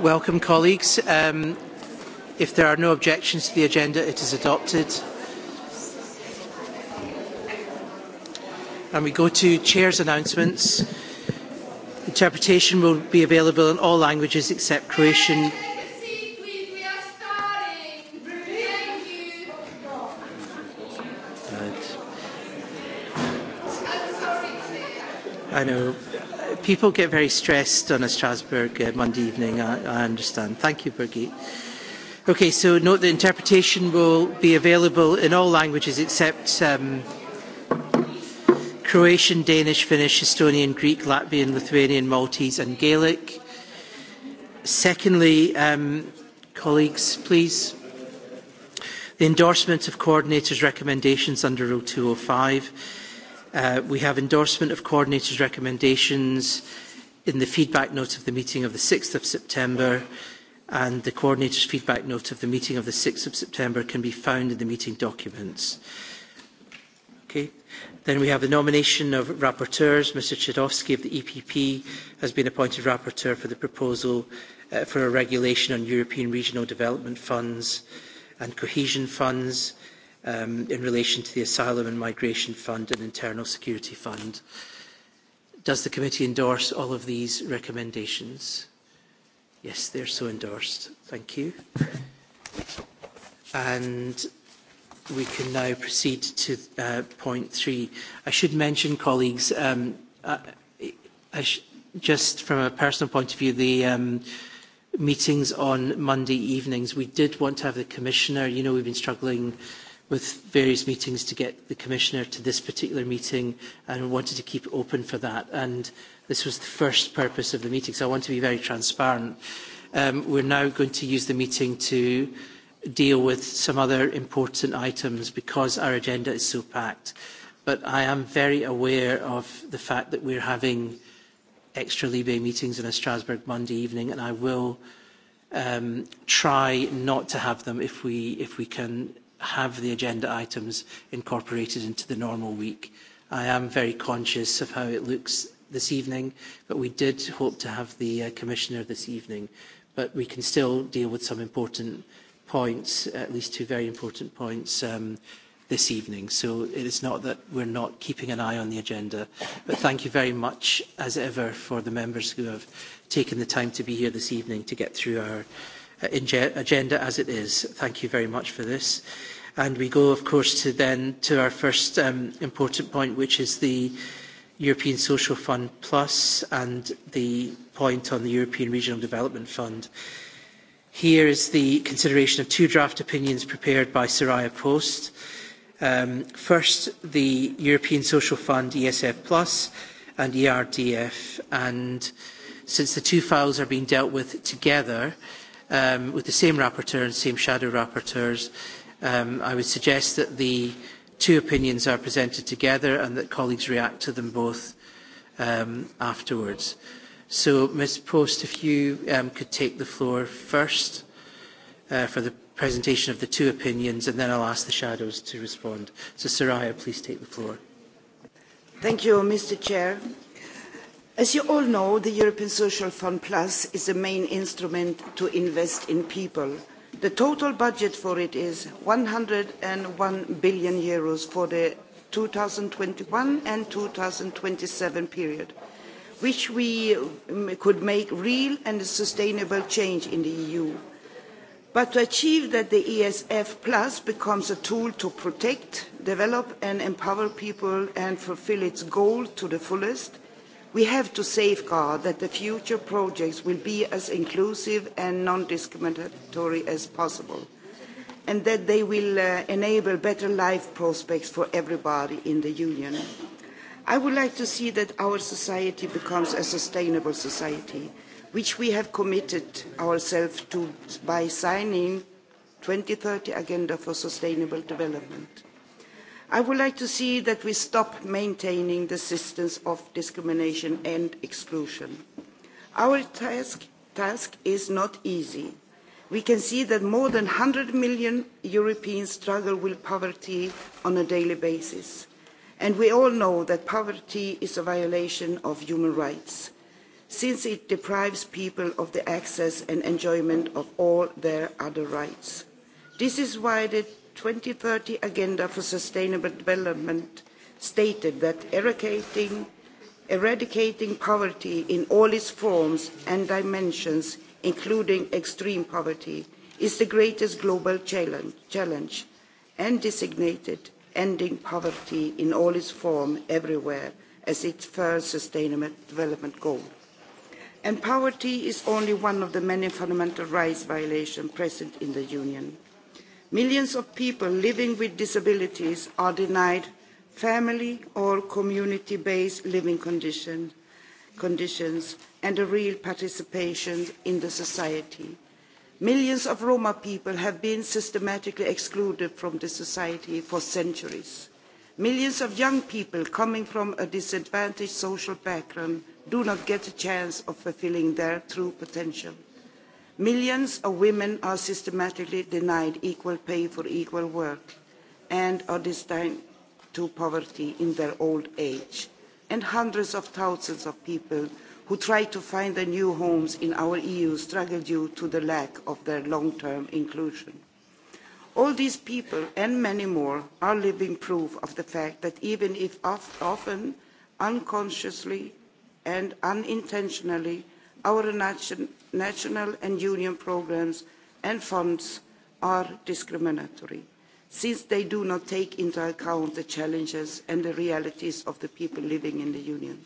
Welcome, colleagues. Um, if there are no objections to the agenda, it is adopted. And we go to chair's announcements. Interpretation will be available in all languages except Croatian. I know people get very stressed on a Strasbourg uh, Monday evening, I, I understand. Thank you, Birgit. Okay, so note the interpretation will be available in all languages except um, Croatian, Danish, Finnish, Estonian, Greek, Latvian, Lithuanian, Maltese, and Gaelic. Secondly, um, colleagues, please. The endorsement of coordinators' recommendations under Rule 205. Uh, we have endorsement of coordinators' recommendations in the feedback note of the meeting of the 6th of September, and the coordinators' feedback note of the meeting of the 6th of September can be found in the meeting documents. Okay. Then we have the nomination of rapporteurs. Mr. Chodowski of the EPP has been appointed rapporteur for the proposal uh, for a regulation on European Regional Development Funds and Cohesion Funds um, in relation to the Asylum and Migration Fund and Internal Security Fund. Does the committee endorse all of these recommendations? Yes, they're so endorsed. Thank you. And we can now proceed to uh, point three. I should mention, colleagues, um, I, uh, I sh just from a personal point of view, the um, meetings on Monday evenings, we did want to have the commissioner. You know, we've been struggling with various meetings to get the commissioner to this particular meeting and wanted to keep it open for that. And this was the first purpose of the meeting, so I want to be very transparent. Um, we're now going to use the meeting to deal with some other important items because our agenda is so packed. But I am very aware of the fact that we're having extra Libe meetings in a Strasbourg Monday evening, and I will um, try not to have them if we, if we can have the agenda items incorporated into the normal week. I am very conscious of how it looks this evening, but we did hope to have the uh, Commissioner this evening. But we can still deal with some important points, at least two very important points, um, this evening. So it is not that we're not keeping an eye on the agenda. But thank you very much, as ever, for the members who have taken the time to be here this evening to get through our agenda as it is. Thank you very much for this. And we go, of course, to then to our first um, important point, which is the European Social Fund Plus and the point on the European Regional Development Fund. Here is the consideration of two draft opinions prepared by Soraya Post. Um, first, the European Social Fund ESF Plus and ERDF. And since the two files are being dealt with together, uh, um, with the same rapporteur and same shadow rapporteurs. Um, I would suggest that the two opinions are presented together and that colleagues react to them both um, afterwards. So, Ms Post, if you um, could take the floor first uh, for the presentation of the two opinions, and then I'll ask the shadows to respond. So, Soraya, please take the floor. Thank you, Mr Chair. As you all know, the European Social Fund Plus is the main instrument to invest in people. The total budget for it is 101 billion euros for the 2021 and 2027 period, which we um, could make real and sustainable change in the EU. But to achieve that, the ESF Plus becomes a tool to protect, develop and empower people and fulfill its goal to the fullest, We have to safeguard that the future projects will be as inclusive and non-discriminatory as possible and that they will uh, enable better life prospects for everybody in the Union. I would like to see that our society becomes a sustainable society, which we have committed ourselves to by signing 2030 Agenda for Sustainable Development. I would like to see that we stop maintaining the systems of discrimination and exclusion. Our task, task is not easy. We can see that more than 100 million Europeans struggle with poverty on a daily basis. And we all know that poverty is a violation of human rights, since it deprives people of the access and enjoyment of all their other rights. This is why the two thousand and thirty agenda for sustainable development stated that eradicating, eradicating poverty in all its forms and dimensions including extreme poverty is the greatest global challenge, challenge and designated ending poverty in all its form everywhere as its first sustainable development goal. And poverty is only one of the many fundamental rights violations present in the Union millions of people living with disabilities are denied family or community based living condition, conditions and a real participation in the society. Millions of Roma people have been systematically excluded from the society for centuries. Millions of young people coming from a disadvantaged social background do not get a chance of fulfilling their true potential. Millions of women are systematically denied equal pay for equal work and are destined to poverty in their old age. And hundreds of thousands of people who try to find their new homes in our EU struggle due to the lack of their long-term inclusion. All these people and many more are living proof of the fact that even if often unconsciously and unintentionally our national and union programmes and funds are discriminatory since they do not take into account the challenges and the realities of the people living in the union.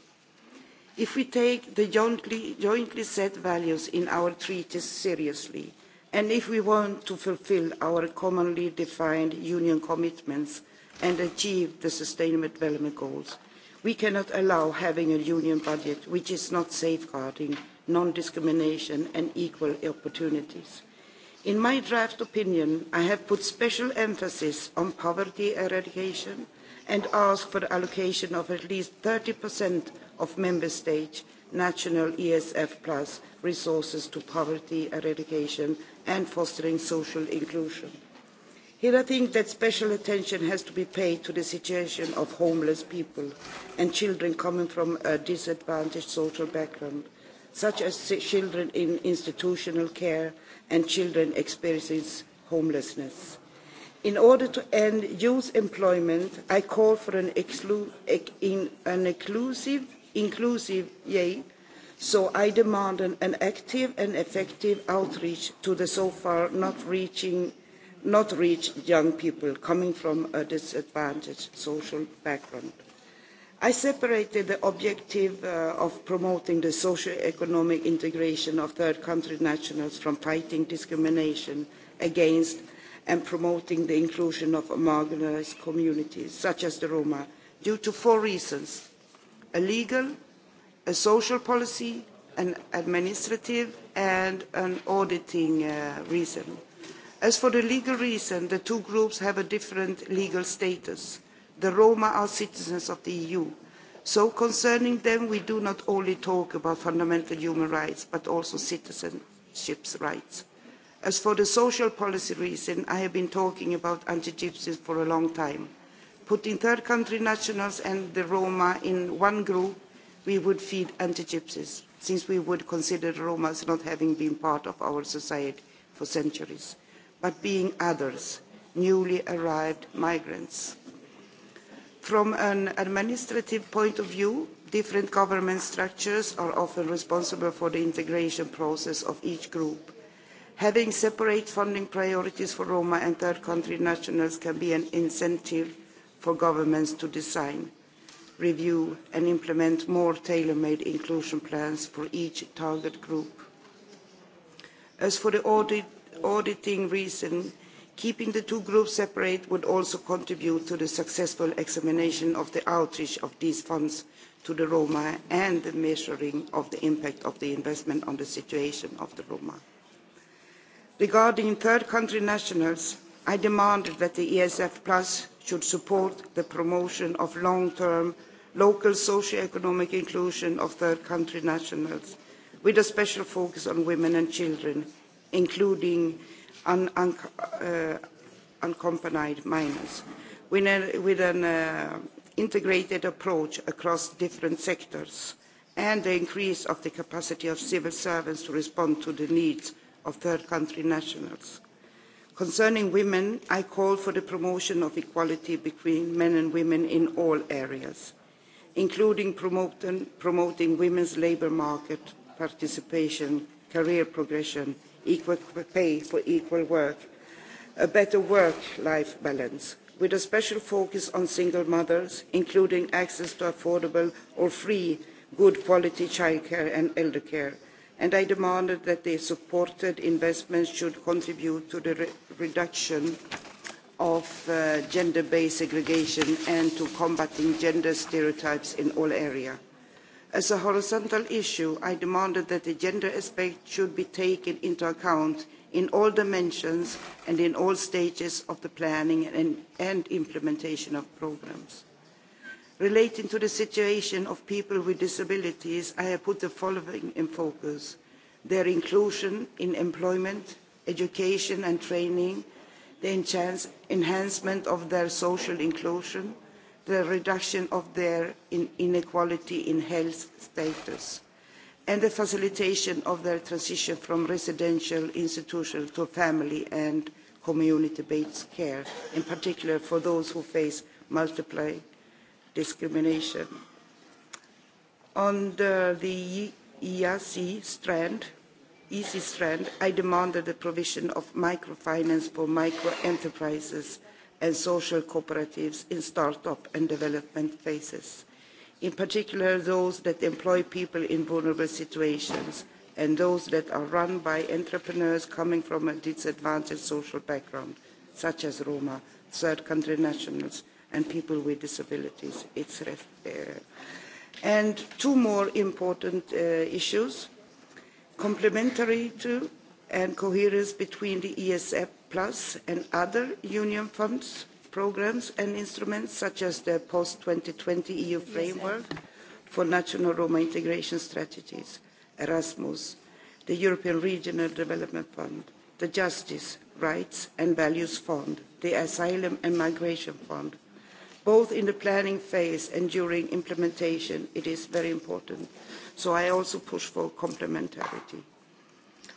If we take the jointly, jointly set values in our treaties seriously, and if we want to fulfil our commonly defined union commitments and achieve the sustainable development goals, we cannot allow having a union budget which is not safeguarding non-discrimination and equal opportunities. In my draft opinion, I have put special emphasis on poverty eradication and asked for the allocation of at least 30% of member states' national ESF plus resources to poverty eradication and fostering social inclusion. Here I think that special attention has to be paid to the situation of homeless people and children coming from a disadvantaged social background such as children in institutional care and children experiencing homelessness. In order to end youth employment, I call for an, exclu- in an inclusive, inclusive yay, so I demand an, an active and effective outreach to the so far not reaching not reach young people coming from a disadvantaged social background. I separated the objective uh, of promoting the socio-economic integration of third country nationals from fighting discrimination against and promoting the inclusion of marginalized communities, such as the Roma, due to four reasons, a legal, a social policy, an administrative, and an auditing uh, reason. As for the legal reason, the two groups have a different legal status the Roma are citizens of the EU. So concerning them, we do not only talk about fundamental human rights, but also citizenship rights. As for the social policy reason, I have been talking about anti-gypsies for a long time. Putting third country nationals and the Roma in one group, we would feed anti-gypsies, since we would consider the Roma as not having been part of our society for centuries, but being others, newly arrived migrants. From an administrative point of view, different government structures are often responsible for the integration process of each group. Having separate funding priorities for Roma and third country nationals can be an incentive for governments to design, review and implement more tailor-made inclusion plans for each target group. As for the audit, auditing reason, keeping the two groups separate would also contribute to the successful examination of the outreach of these funds to the roma and the measuring of the impact of the investment on the situation of the roma. regarding third country nationals i demanded that the esf plus should support the promotion of long term local socio economic inclusion of third country nationals with a special focus on women and children including unaccompanied un, uh, minors. With an, with an uh, integrated approach across different sectors and the increase of the capacity of civil servants to respond to the needs of third country nationals. Concerning women, I call for the promotion of equality between men and women in all areas, including promoting, promoting women's labour market participation, career progression, equal pay for equal work, a better work-life balance, with a special focus on single mothers, including access to affordable or free good quality childcare and elder care. And I demanded that the supported investments should contribute to the re reduction of uh, gender-based segregation and to combating gender stereotypes in all areas. As a horizontal issue, I demanded that the gender aspect should be taken into account in all dimensions and in all stages of the planning and, and implementation of programs. Relating to the situation of people with disabilities, I have put the following in focus. Their inclusion in employment, education and training, the enhancement of their social inclusion, the reduction of their inequality in health status and the facilitation of their transition from residential institutional to family and community-based care, in particular for those who face multiple discrimination. Under the EIC strand, EC strand, I demanded the provision of microfinance for microenterprises and social cooperatives in start-up and development phases, in particular those that employ people in vulnerable situations and those that are run by entrepreneurs coming from a disadvantaged social background, such as Roma, third country nationals, and people with disabilities. It's ref- uh, and two more important uh, issues, complementary to and coherence between the ESF plus and other union funds programmes and instruments such as the post 2020 eu framework yes, for national roma integration strategies erasmus the european regional development fund the justice rights and values fund the asylum and migration fund both in the planning phase and during implementation it is very important so i also push for complementarity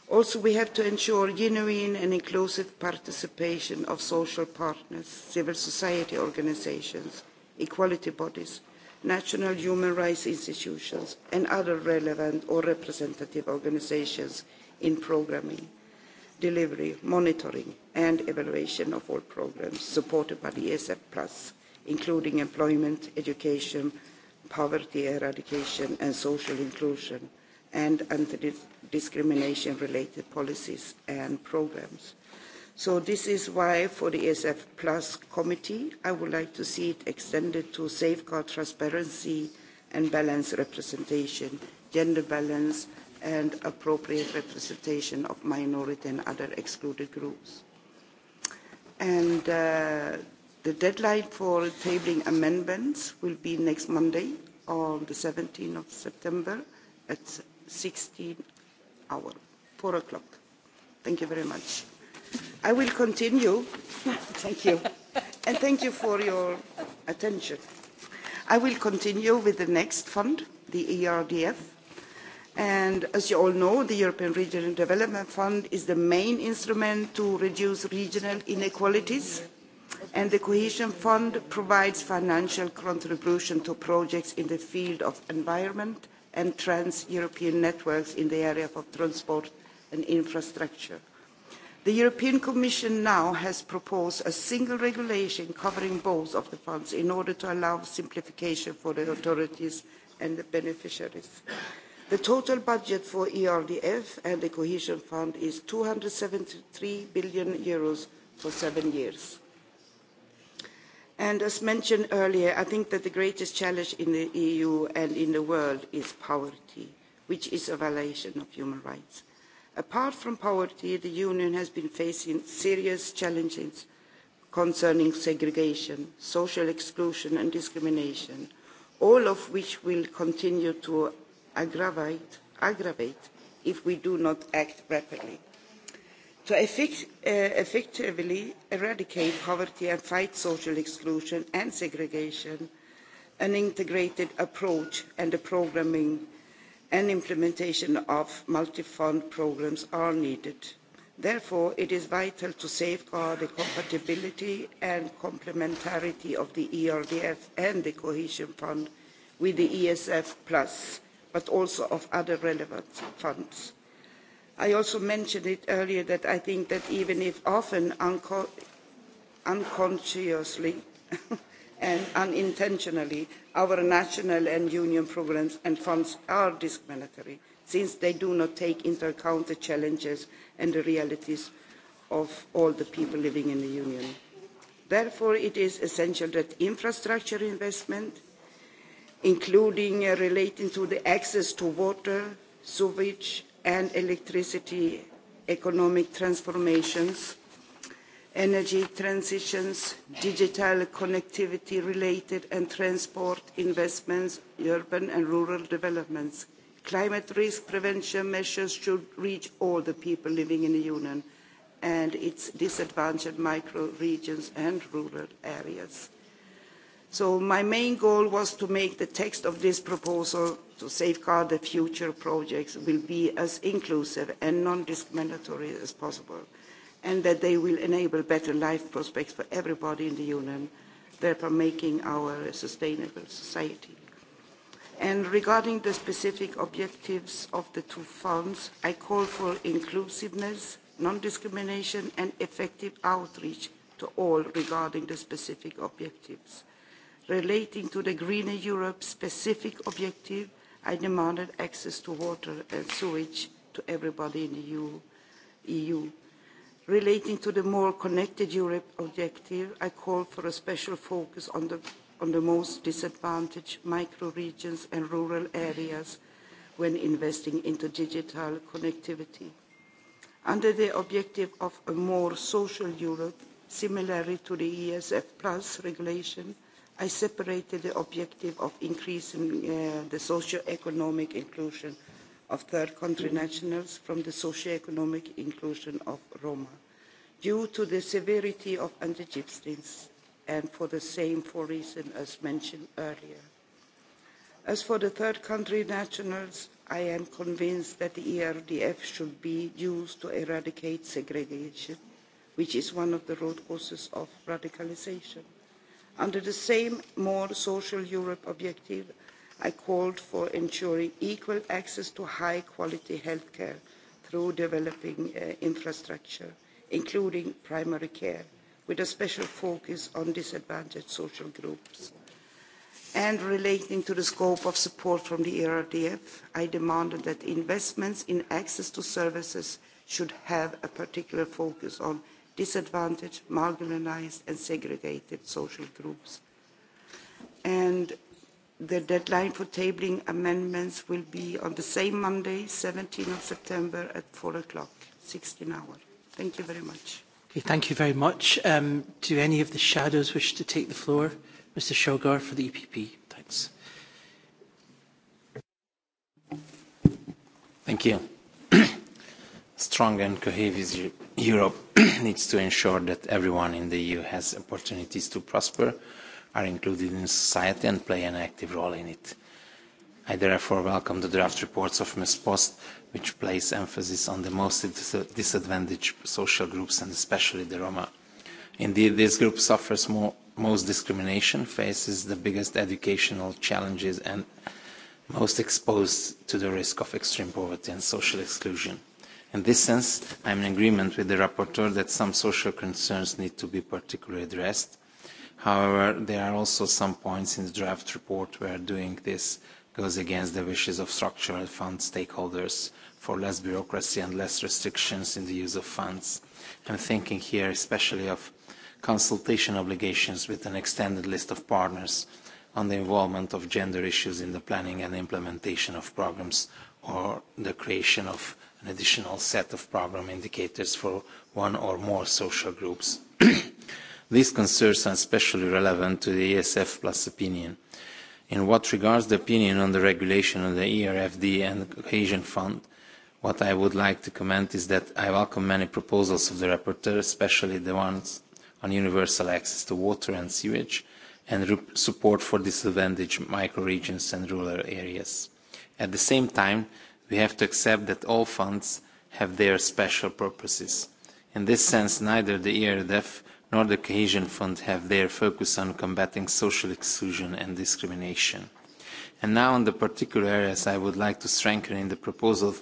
Also, we have to ensure genuine and inclusive participation of social partners, civil society organizations, equality bodies, national human rights institutions, and other relevant or representative organizations in programming, delivery, monitoring, and evaluation of all programs supported by the ESF Plus, including employment, education, poverty eradication, and social inclusion, and anti discrimination related policies and programs. So, this is why for the ESF Plus Committee, I would like to see it extended to safeguard transparency and balance representation, gender balance, and appropriate representation of minority and other excluded groups. And uh, the deadline for tabling amendments will be next Monday on the 17th of September at 16 hour, 4 o'clock. Thank you very much. I will continue. thank you. and thank you for your attention. I will continue with the next fund, the ERDF. And as you all know, the European Regional Development Fund is the main instrument to reduce regional inequalities. And the Cohesion Fund provides financial contribution to projects in the field of environment, and trans European networks in the area of transport and infrastructure. The European Commission now has proposed a single regulation covering both of the funds in order to allow simplification for the authorities and the beneficiaries. The total budget for ERDF and the Cohesion Fund is €273 billion for seven years. And as mentioned earlier, I think that the greatest challenge in the EU and in the world is poverty, which is a violation of human rights. Apart from poverty, the Union has been facing serious challenges concerning segregation, social exclusion and discrimination, all of which will continue to aggravate, aggravate if we do not act rapidly to eh, effectively eradicate poverty and fight social exclusion and segregation an integrated approach and the programming and implementation of multi fund programmes are needed. therefore it is vital to safeguard the compatibility and complementarity of the erdf and the cohesion fund with the esf but also of other relevant funds i also mentioned it earlier that i think that even if often unconsciously and unintentionally our national and union programmes and funds are discriminatory since they do not take into account the challenges and the realities of all the people living in the union. therefore it is essential that infrastructure investment including uh, relating to access to water sewage and electricity economic transformations, energy transitions, digital connectivity related and transport investments, urban and rural developments. Climate risk prevention measures should reach all the people living in the Union and its disadvantaged micro regions and rural areas. So my main goal was to make the text of this proposal to safeguard the future projects will be as inclusive and non-discriminatory as possible and that they will enable better life prospects for everybody in the Union, thereby making our sustainable society. And regarding the specific objectives of the two funds, I call for inclusiveness, non-discrimination and effective outreach to all regarding the specific objectives relating to the Greener Europe specific objective. I demanded access to water and sewage to everybody in the EU. EU. Relating to the more connected Europe objective, I call for a special focus on the, on the most disadvantaged micro regions and rural areas when investing into digital connectivity. Under the objective of a more social Europe, similarly to the ESF Plus regulation, I separated the objective of increasing uh, the socio-economic inclusion of third country nationals from the socio-economic inclusion of Roma. Due to the severity of anti-gypsies and for the same four reasons as mentioned earlier. As for the third country nationals, I am convinced that the ERDF should be used to eradicate segregation, which is one of the root causes of radicalization. Under the same more social Europe objective, I called for ensuring equal access to high quality healthcare through developing uh, infrastructure, including primary care, with a special focus on disadvantaged social groups. And relating to the scope of support from the ERDF, I demanded that investments in access to services should have a particular focus on disadvantaged, marginalized, and segregated social groups. And the deadline for tabling amendments will be on the same Monday, 17th of September at 4 o'clock, 16 hours. Thank you very much. Okay, thank you very much. Um, do any of the shadows wish to take the floor? Mr. Shogar for the EPP. Thanks. Thank you strong and cohesive Europe needs to ensure that everyone in the EU has opportunities to prosper, are included in society and play an active role in it. I therefore welcome the draft reports of Ms. Post, which place emphasis on the most disadvantaged social groups and especially the Roma. Indeed, this group suffers more, most discrimination, faces the biggest educational challenges and most exposed to the risk of extreme poverty and social exclusion. In this sense, I'm in agreement with the rapporteur that some social concerns need to be particularly addressed. However, there are also some points in the draft report where doing this goes against the wishes of structural fund stakeholders for less bureaucracy and less restrictions in the use of funds. I'm thinking here especially of consultation obligations with an extended list of partners on the involvement of gender issues in the planning and implementation of programs or the creation of an additional set of problem indicators for one or more social groups. These concerns are especially relevant to the ESF Plus opinion. In what regards the opinion on the regulation of the ERFD and the Cohesion Fund, what I would like to comment is that I welcome many proposals of the rapporteur, especially the ones on universal access to water and sewage, and support for disadvantaged micro-regions and rural areas. At the same time, we have to accept that all funds have their special purposes. In this sense, neither the ERDF nor the Cohesion Fund have their focus on combating social exclusion and discrimination. And now on the particular areas I would like to strengthen in the proposal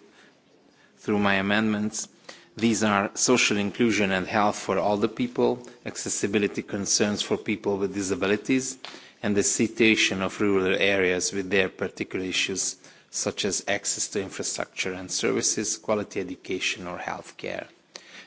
through my amendments, these are social inclusion and health for all the people, accessibility concerns for people with disabilities, and the situation of rural areas with their particular issues such as access to infrastructure and services, quality education or healthcare.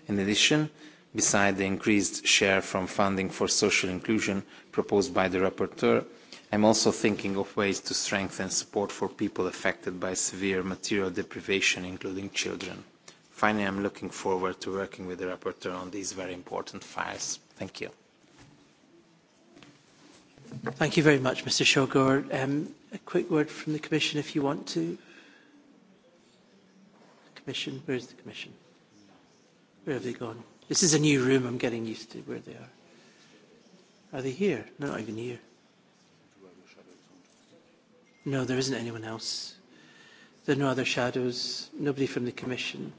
In addition, beside the increased share from funding for social inclusion proposed by the rapporteur, I'm also thinking of ways to strengthen support for people affected by severe material deprivation, including children. Finally, I'm looking forward to working with the rapporteur on these very important files. Thank you. Thank you very much, Mr. Shogor. Um, a quick word from the Commission if you want to. Commission, where's the Commission? Where have they gone? This is a new room, I'm getting used to where they are. Are they here? Not even here. No, there isn't anyone else. There are no other shadows, nobody from the Commission.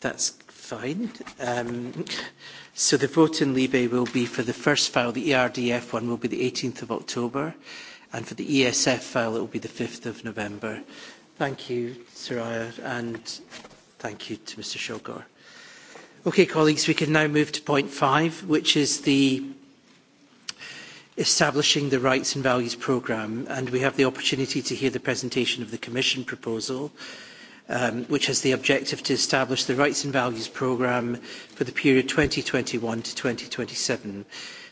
That's fine. Um, So the vote in Libe will be for the first file, the ERDF one will be the 18th of October, and for the ESF file it will be the 5th of November. Thank you, Soraya, and thank you to Mr Shogor. Okay, colleagues, we can now move to point five, which is the establishing the Rights and Values Programme, and we have the opportunity to hear the presentation of the Commission proposal um, which has the objective to establish the Rights and Values Programme for the period 2021 to 2027.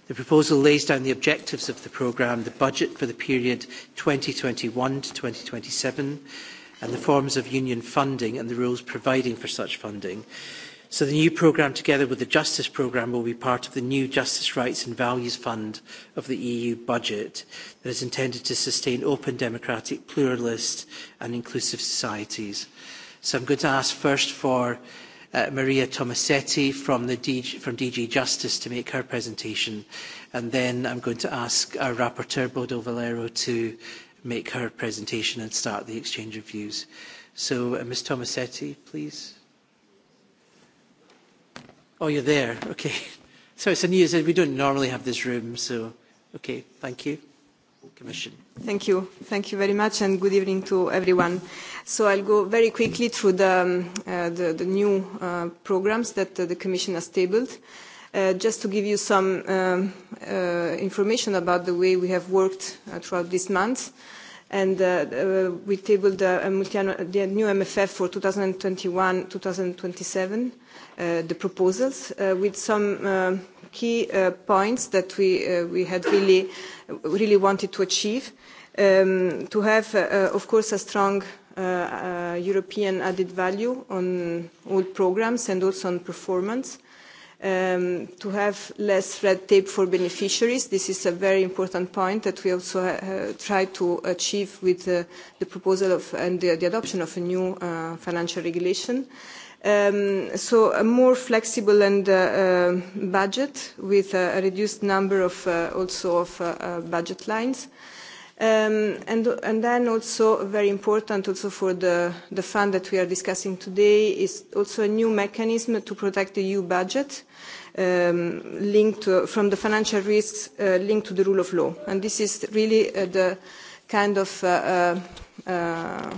The proposal lays down the objectives of the programme, the budget for the period 2021 to 2027, and the forms of union funding and the rules providing for such funding. So the new programme, together with the Justice programme, will be part of the new Justice Rights and Values Fund of the EU budget that is intended to sustain open, democratic, pluralist and inclusive societies. So I'm going to ask first for uh, Maria Tomasetti from, the DG, from DG Justice to make her presentation. And then I'm going to ask our rapporteur, Bodo Valero, to make her presentation and start the exchange of views. So uh, Ms. Tomasetti, please. Oh, you're there. Okay. So it's a new, so we don't normally have this room. So, okay. Thank you. Commission. Thank you. Thank you very much and good evening to everyone. So I'll go very quickly through the, um, uh, the, the new uh, programs that uh, the Commission has tabled. Uh, just to give you some um, uh, information about the way we have worked uh, throughout this month, and uh, uh, we tabled uh, a multi the new MFF for 2021-2027, uh, the proposals, uh, with some uh, key uh, points that we, uh, we had really, really wanted to achieve. Um, to have, uh, uh of course, a strong Uh, uh, European added value on all programs and also on performance. Um, to have less red tape for beneficiaries. This is a very important point that we also uh, try to achieve with uh, the proposal of, and the, the adoption of a new uh, financial regulation. Um, so a more flexible and uh, uh, budget with a reduced number of uh, also of uh, uh, budget lines. Um, and, and then also very important also for the, the fund that we are discussing today is also a new mechanism to protect the EU budget um, linked to, from the financial risks uh, linked to the rule of law. And this is really uh, the kind of uh, uh, uh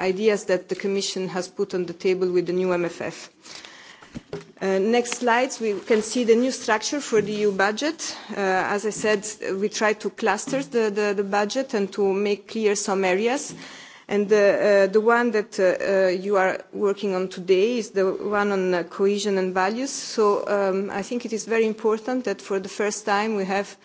ideas that the Commission has put on the table with the new MFF. Uh, next slide, we can see the new structure for the EU budget. Uh, as I said, we tried to cluster the, the, the budget and to make clear some areas. And the, uh, the one that uh, uh, you are working on today is the one on uh, cohesion and values. So um, I think it is very important that for the first time we have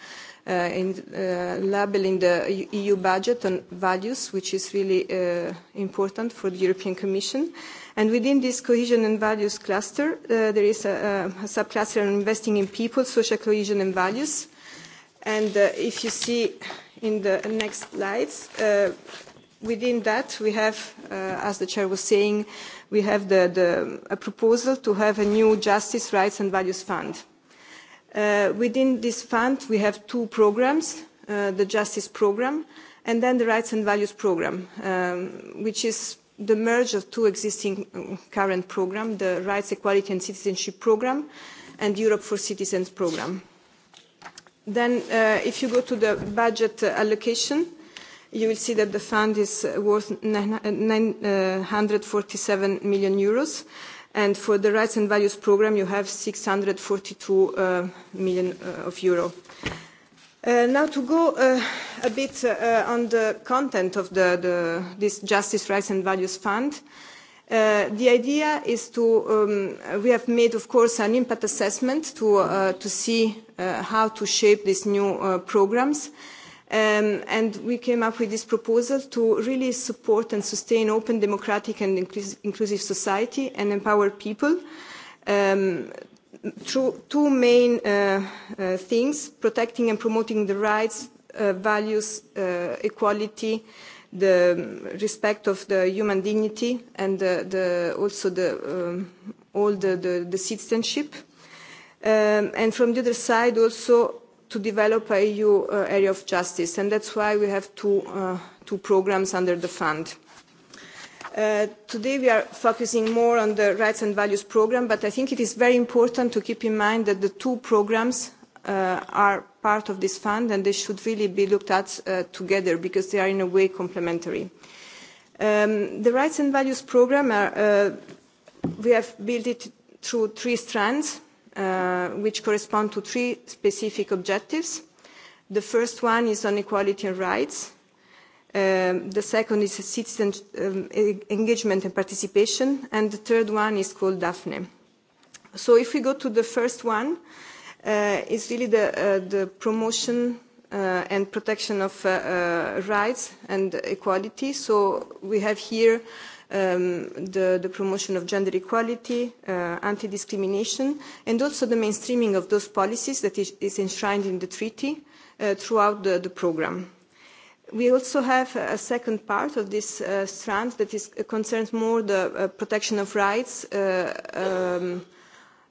uh, in, uh, label in the EU budget on values, which is really uh, important for the European Commission. Uh, And within this cohesion and values cluster, uh, there is a, a subcluster on investing in people, social cohesion and values. And uh, if you see in the next slides, uh, within that we have, uh, as the chair was saying, we have the, the, a proposal to have a new justice, rights and values fund. Uh, within this fund, we have two programs, uh, the justice program and then the rights and values program, um, which is the merge of two existing uh, current programs, the Rights, Equality and Citizenship Programme and Europe for Citizens Programme. Then uh, if you go to the budget uh, allocation, you will see that the fund is worth 947 uh, million euros. And for the Rights and Values Programme, you have 642 uh, million uh, of euros. Uh, now to go uh, a bit uh, on the content of the, the, this Justice, Rights and Values Fund. Uh, the idea is to, um, we have made, of course, an impact assessment to, uh, to see uh, how to shape these new uh, programs. Um, and we came up with this proposal to really support and sustain open, democratic, and inclusive society and empower people um, two main uh, uh, things, protecting and promoting the rights, uh, values, uh, equality, the um, respect of the human dignity and the, the, also the, um, all the, the, the citizenship. Um, and from the other side also to develop a EU uh, area of justice. And that's why we have two, uh, two programs under the fund. Uh, today we are focusing more on the rights and values program, but I think it is very important to keep in mind that the two programs uh, are part of this fund and they should really be looked at uh, together because they are in a way complementary. Um, the rights and values program, are, uh, we have built it through three strands uh, which correspond to three specific objectives. The first one is on equality and rights. Um, the second is citizen um, e engagement and participation, and the third one is called DAFNE. So if we go to the first one, uh, it's really the, uh, the promotion uh, and protection of uh, uh, rights and equality. So we have here um, the, the promotion of gender equality, uh, anti-discrimination, and also the mainstreaming of those policies that is, is enshrined in the treaty uh, throughout the, the programme. We also have a second part of this uh, strand that is uh, concerns more the uh, protection of rights, uh, um,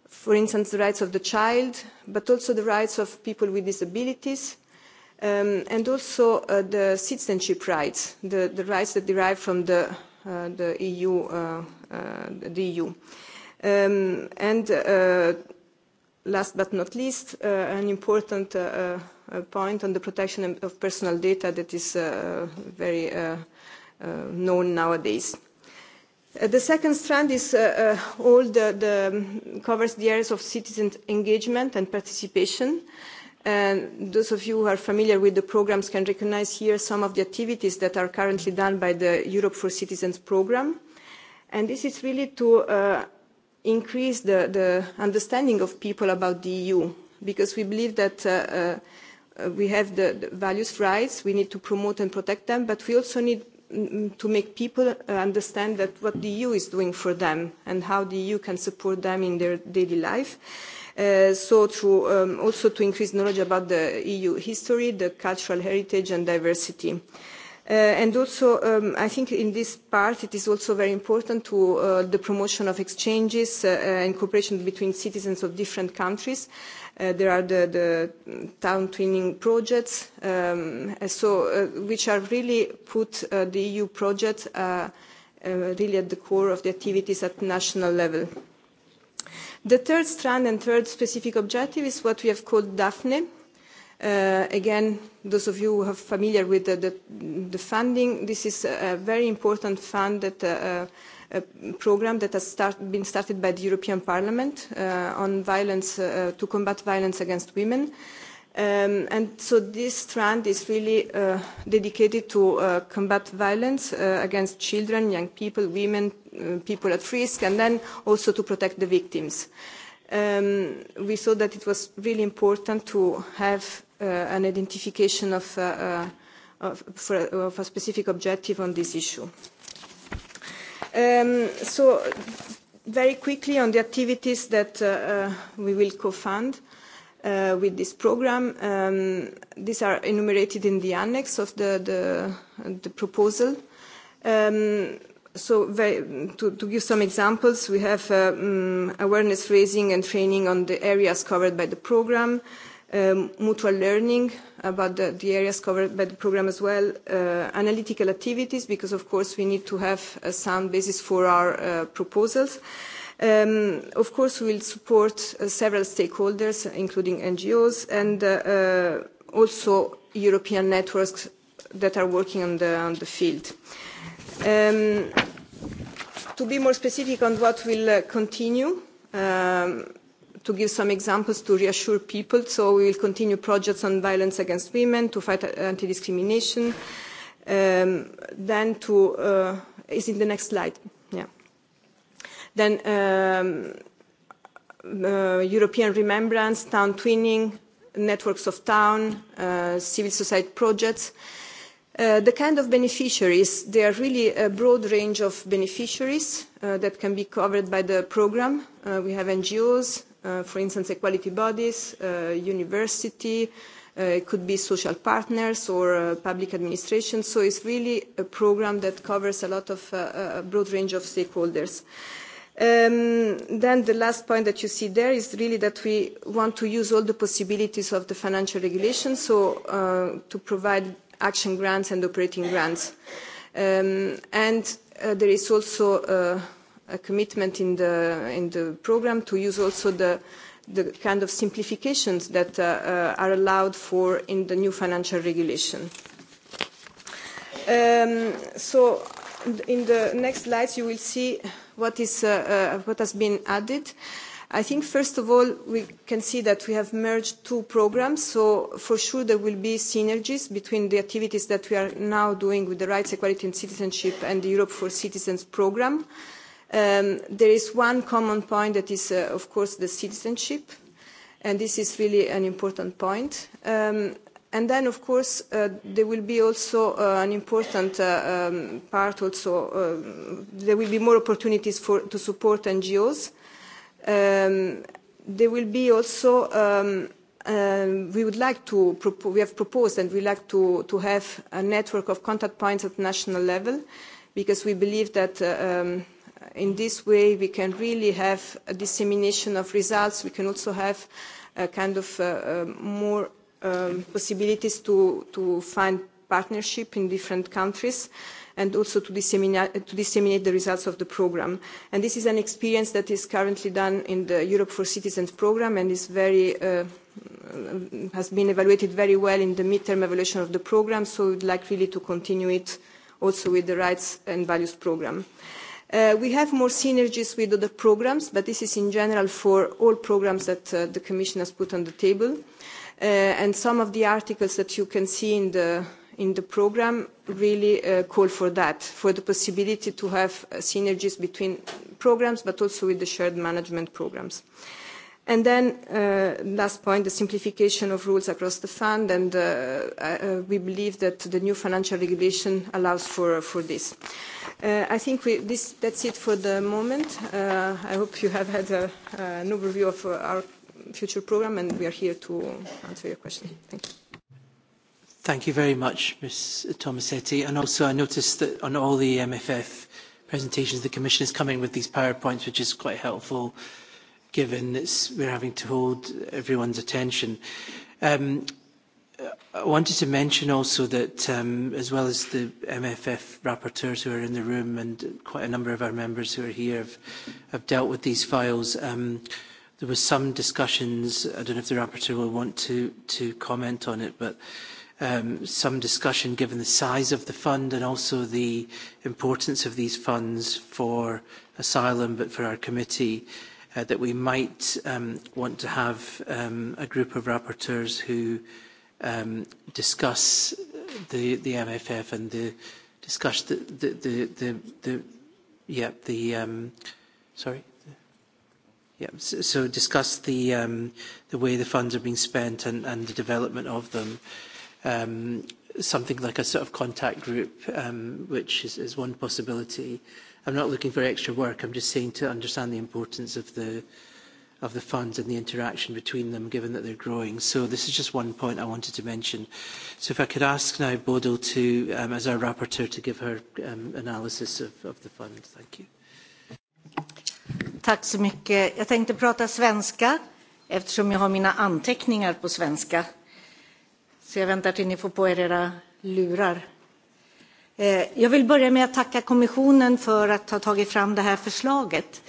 for instance, the rights of the child, but also the rights of people with disabilities, um, and also uh, the citizenship rights, the, the rights that derive from the, uh, the EU. Uh, uh, the EU. Um, and uh, last but not least, uh, an important uh, uh, point on the protection of personal data that is uh, very uh, uh, known nowadays. Uh, the second strand is uh, uh, all the, the um, covers the areas of citizen engagement and participation. And those of you who are familiar with the programs can recognize here some of the activities that are currently done by the Europe for Citizens program. And this is really to uh, increase the, the understanding of people about the EU, because we believe that uh, uh, Uh, we have the, the values rights, we need to promote and protect them, but we also need mm, mm to make people uh, understand that what the EU is doing for them and how the EU can support them in their daily life. Uh, so to, um, also to increase knowledge about the EU history, the cultural heritage and diversity. Uh, Uh, and also, um, I think in this part it is also very important to uh, the promotion of exchanges uh, uh, and cooperation between citizens of different countries. Uh, there are the, the town twinning projects, um, so, uh, which are really put uh, the EU project uh, uh, really at the core of the activities at national level. The third strand and third specific objective is what we have called DAFNE, Uh, again, those of you who are familiar with the, the, the funding, this is a, a very important fund that uh, uh, a program that has start, been started by the European Parliament uh, on violence uh, to combat violence against women. Um, and so this strand is really uh, dedicated to uh, combat violence uh, against children, young people, women, uh, people at risk, and then also to protect the victims. Um, we saw that it was really important to have uh, an identification of, uh, uh, of, for, uh, of a specific objective on this issue. Um, so, very quickly on the activities that uh, uh, we will co fund. Uh, with this program. Um, these are enumerated in the annex of the, the, the proposal. Um, so, very, to, to give some examples, we have uh, um, awareness raising and training on the areas covered by the program, uh, um, mutual learning about the, the areas covered by the program as well, uh, analytical activities, because of course we need to have a uh, sound basis for our uh, proposals. Um, of course, we will support uh, several stakeholders, including NGOs and uh, uh, also European networks that are working on the, on the field. Um, to be more specific on what will uh, continue, um, to give some examples to reassure people. So we will continue projects on violence against women to fight uh, anti-discrimination. Um, then to, uh, is in the next slide. Yeah. Then um, uh, European remembrance, town twinning, networks of town, uh, civil society projects. Uh, the kind of beneficiaries, there are really a broad range of beneficiaries uh, that can be covered by the program. Uh, we have NGOs, Uh, for instance, equality bodies, uh, university, uh, it could be social partners or uh, public administration. So it's really a program that covers a lot of uh, uh, a broad range of stakeholders. Um, then the last point that you see there is really that we want to use all the possibilities of the financial regulation, so uh, to provide action grants and operating grants. Um, and uh, there is also uh, a commitment in the in the program to use also the the kind of simplifications that uh, uh, are allowed for in the new financial regulation. Um, so in the next slides you will see what is uh, uh, what has been added. I think first of all we can see that we have merged two programs so for sure there will be synergies between the activities that we are now doing with the rights equality and citizenship and the Europe for Citizens programme. Um, there is one common point that is, uh, of course, the citizenship, and this is really an important point. Um, and then, of course, uh, there will be also uh, an important uh, um, part also, uh, there will be more opportunities for, to support NGOs. Um, there will be also, um, um, we would like to, propo we have proposed and we like to, to have a network of contact points at national level because we believe that uh, um, in this way we can really have a dissemination of results. We can also have a kind of uh, uh more um, possibilities to, to find partnership in different countries and also to disseminate, to disseminate the results of the program. And this is an experience that is currently done in the Europe for Citizens program and is very, uh, mm, has been evaluated very well in the midterm evaluation of the program. So we'd like really to continue it also with the Rights and Values program. Uh, Uh, we have more synergies with other programs, but this is in general for all programs that uh, the Commission has put on the table. Uh, and some of the articles that you can see in the program really call for that, for the possibility to have synergies between programs, but also with the shared management programs. Uh, last point, the simplification of rules across the fund. Uh, uh, we believe that the new financial regulation allows for this. I think that's it for the moment. I hope you have had an overview of our future program, and we are here to answer your question. Thank you. Thank you very much, Ms. Tomasetti. Also, I noticed that on all the MFF presentations, the commission is coming with these PowerPoints, which is quite helpful given that we're having to hold everyone's attention. Um, I wanted to mention also that, um, as well as the MFF rapporteurs who are in the room and quite a number of our members who are here have, have dealt with these files, um, there was some discussions, I don't know if the rapporteur will want to, to comment on it, but um, some discussion given the size of the fund and also the importance of these funds for asylum, but for our committee, uh, Uh, that we might um, want to have um, a group of rapporteurs who um, discuss the the MFF and the discuss the the the the, the yeah the um, sorry yeah so, so discuss the um, the way the funds are being spent and and the development of them um, something like a sort of contact group um, which is, is one possibility I'm not looking for extra work. I'm just saying to understand the importance of the of the funds and the interaction between them, given that they're growing. So this is just one point I wanted to mention. So if I could ask now Bodil to, um, as our rapporteur, to give her um, analysis of, of the fund. Thank you. Tack så mycket. Jag tänkte prata svenska eftersom jag har mina anteckningar på svenska. Så jag väntar till ni får på er era lurar. Eh, jag vill börja med att tacka kommissionen för att ha tagit fram det här förslaget.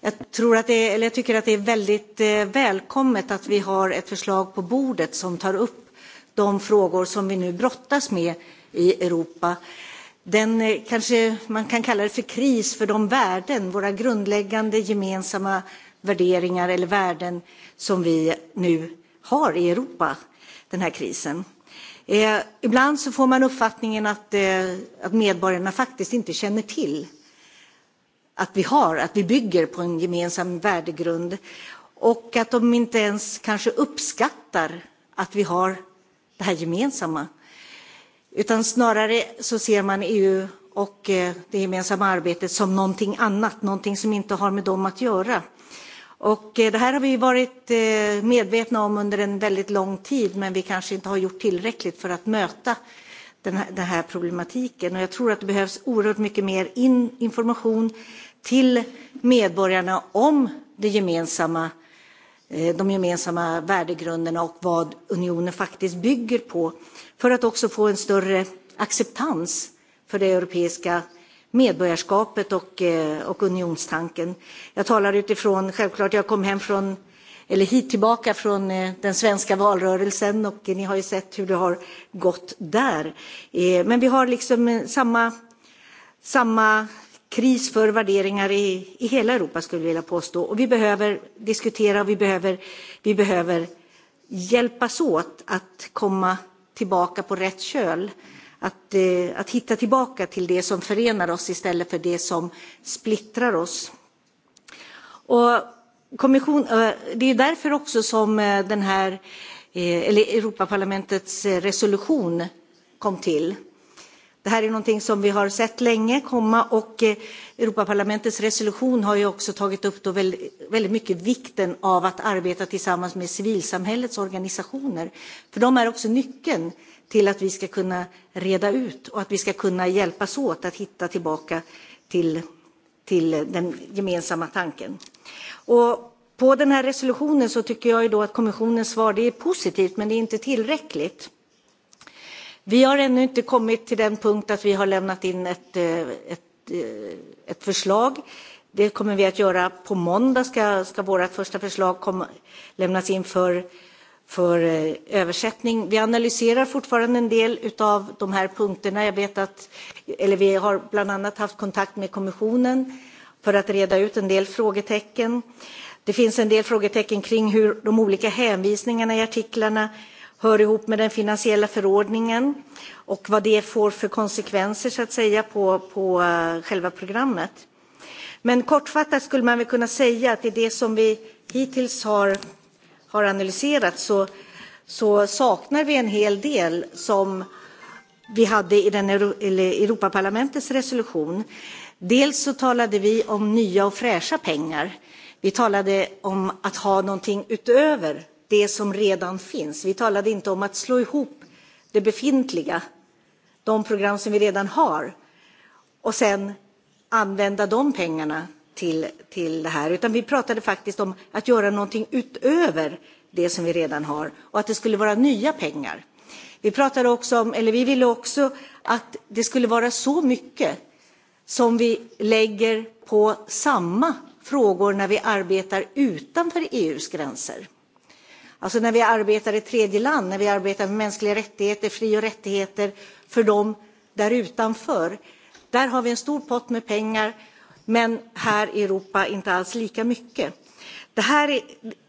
Jag, tror att det, eller jag tycker att det är väldigt eh, välkommet att vi har ett förslag på bordet som tar upp de frågor som vi nu brottas med i Europa. Den eh, kanske man kan kalla det för kris för de värden, våra grundläggande gemensamma värderingar eller värden som vi nu har i Europa, den här krisen. Eh, ibland så får man uppfattningen att, eh, att medborgarna faktiskt inte känner till att vi har, att vi bygger på en gemensam värdegrund och att de inte ens kanske uppskattar att vi har det här gemensamma. Utan snarare så ser man EU och eh, det gemensamma arbetet som någonting annat, någonting som inte har med dem att göra. Och eh, det här har vi varit eh, medvetna om under en väldigt lång tid, men vi kanske inte har gjort tillräckligt för att möta den här, den här problematiken. Och jag tror att det behövs oerhört mycket mer in, information till medborgarna om det gemensamma, eh, de gemensamma värdegrunderna och vad unionen faktiskt bygger på för att också få en större acceptans för det europeiska medborgarskapet och eh, opinionstanken. Jag talar utifrån, självklart, jag kom hem från, eller hit tillbaka från eh, den svenska valrörelsen och ni har ju sett hur det har gått där. Eh, men vi har liksom samma, samma kris för värderingar i, i hela Europa skulle jag vilja påstå. Och vi behöver diskutera och vi behöver, vi behöver hjälpas åt att komma tillbaka på rätt köl att, eh, att hitta tillbaka till det som förenar oss istället för det som splittrar oss. Och kommission, eh, det är därför också som eh, den här, eh, eller Europaparlamentets eh, resolution kom till. Det här är någonting som vi har sett länge komma och eh, Europaparlamentets resolution har ju också tagit upp då väldigt mycket vikten av att arbeta tillsammans med civilsamhällets organisationer. För de är också nyckeln till att vi ska kunna reda ut och att vi ska kunna hjälpas åt att hitta tillbaka till, till den gemensamma tanken. Och på den här resolutionen så tycker jag ju då att kommissionens svar det är positivt, men det är inte tillräckligt. Vi har ännu inte kommit till den punkt att vi har lämnat in ett, eh, ett, eh, ett förslag. Det kommer vi att göra på måndag, ska, ska vårt första förslag komma, lämnas in för eh, för eh, översättning. Vi analyserar fortfarande en del av de här punkterna. Jag vet att, eller vi har bland annat haft kontakt med kommissionen för att reda ut en del frågetecken. Det finns en del frågetecken kring hur de olika hänvisningarna i artiklarna hör ihop med den finansiella förordningen och vad det får för konsekvenser så att säga på, på eh, själva programmet. Men kortfattat skulle man väl kunna säga att det är det som vi hittills har har analyserat så, så saknar vi en hel del som vi hade i den Euro, eller Europaparlamentets resolution. Dels så talade vi om nya och fräscha pengar. Vi talade om att ha någonting utöver det som redan finns. Vi talade inte om att slå ihop det befintliga, de program som vi redan har och sen använda de pengarna till, till det här, utan vi pratade faktiskt om att göra någonting utöver det som vi redan har och att det skulle vara nya pengar. Vi pratade också om, eller vi ville också att det skulle vara så mycket som vi lägger på samma frågor när vi arbetar utanför EUs gränser. Alltså när vi arbetar i tredje land, när vi arbetar med mänskliga rättigheter, fri och rättigheter för dem där utanför. Där har vi en stor pott med pengar men här i Europa inte alls lika mycket. Det här är,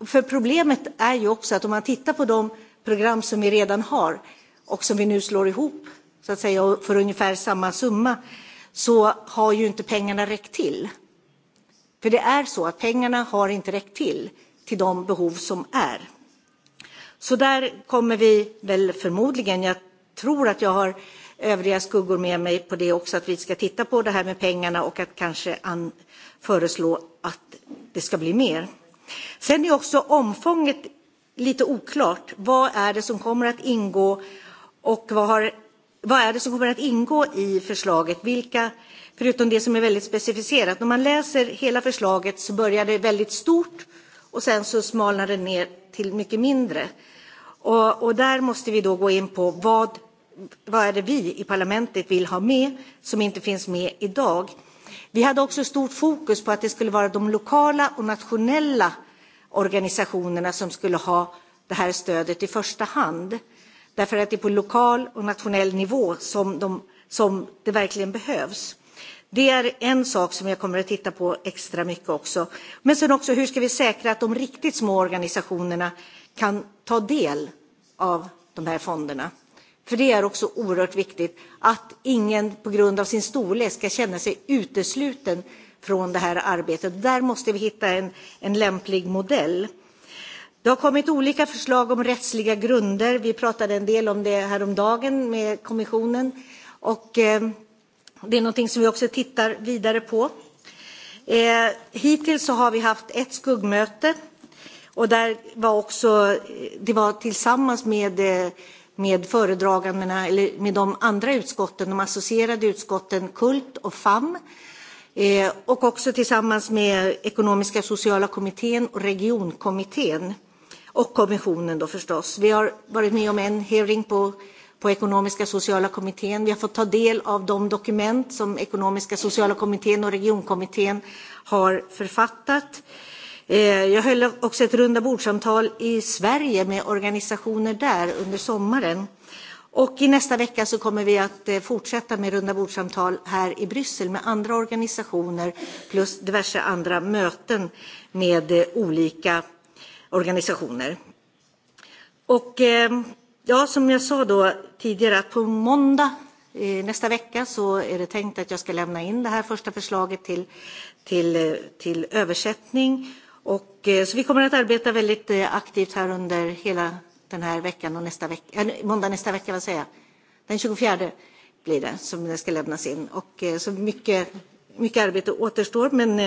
för problemet är ju också att om man tittar på de program som vi redan har och som vi nu slår ihop så att säga, för ungefär samma summa så har ju inte pengarna räckt till. För det är så att pengarna har inte räckt till till de behov som är. Så där kommer vi väl förmodligen, jag tror att jag har övriga skuggor med mig på det också, att vi ska titta på det här med pengarna och att kanske an föreslå att det ska bli mer. Sen är också omfånget lite oklart. Vad är det som kommer att ingå och vad, har, vad är det som kommer att ingå i förslaget? Vilka, förutom det som är väldigt specificerat. När man läser hela förslaget så börjar det väldigt stort och sen så smalnar det ner till mycket mindre. Och, och där måste vi då gå in på vad vad är det vi i parlamentet vill ha med som inte finns med idag? Vi hade också stort fokus på att det skulle vara de lokala och nationella organisationerna som skulle ha det här stödet i första hand. Därför att det är på lokal och nationell nivå som, de, som det verkligen behövs. Det är en sak som jag kommer att titta på extra mycket också. Men sen också, hur ska vi säkra att de riktigt små organisationerna kan ta del av de här fonderna? För det är också oerhört viktigt att ingen på grund av sin storlek ska känna sig utesluten från det här arbetet. Där måste vi hitta en, en lämplig modell. Det har kommit olika förslag om rättsliga grunder. Vi pratade en del om det häromdagen med kommissionen och eh, det är någonting som vi också tittar vidare på. Eh, hittills så har vi haft ett skuggmöte och där var också, det var tillsammans med eh, med föredragandena eller med de andra utskotten, de associerade utskotten KULT och FAM eh, och också tillsammans med ekonomiska sociala kommittén och regionkommittén och kommissionen då förstås. Vi har varit med om en hearing på, på ekonomiska sociala kommittén. Vi har fått ta del av de dokument som ekonomiska sociala kommittén och regionkommittén har författat. Eh, jag höll också ett runda bordsamtal i Sverige med organisationer där under sommaren. Och i nästa vecka så kommer vi att eh, fortsätta med runda bordsamtal här i Bryssel med andra organisationer plus diverse andra möten med eh, olika organisationer. Och ja, som jag sa då tidigare att på måndag nästa vecka så är det tänkt att jag ska lämna in det här första förslaget till, till, till översättning. Och, eh, så vi kommer att arbeta väldigt eh, aktivt här under hela den här veckan och nästa veck äh, eh, måndag nästa vecka. Vill säga. Den 24 blir det som det ska lämnas in. Och, så mycket, mycket arbete återstår, men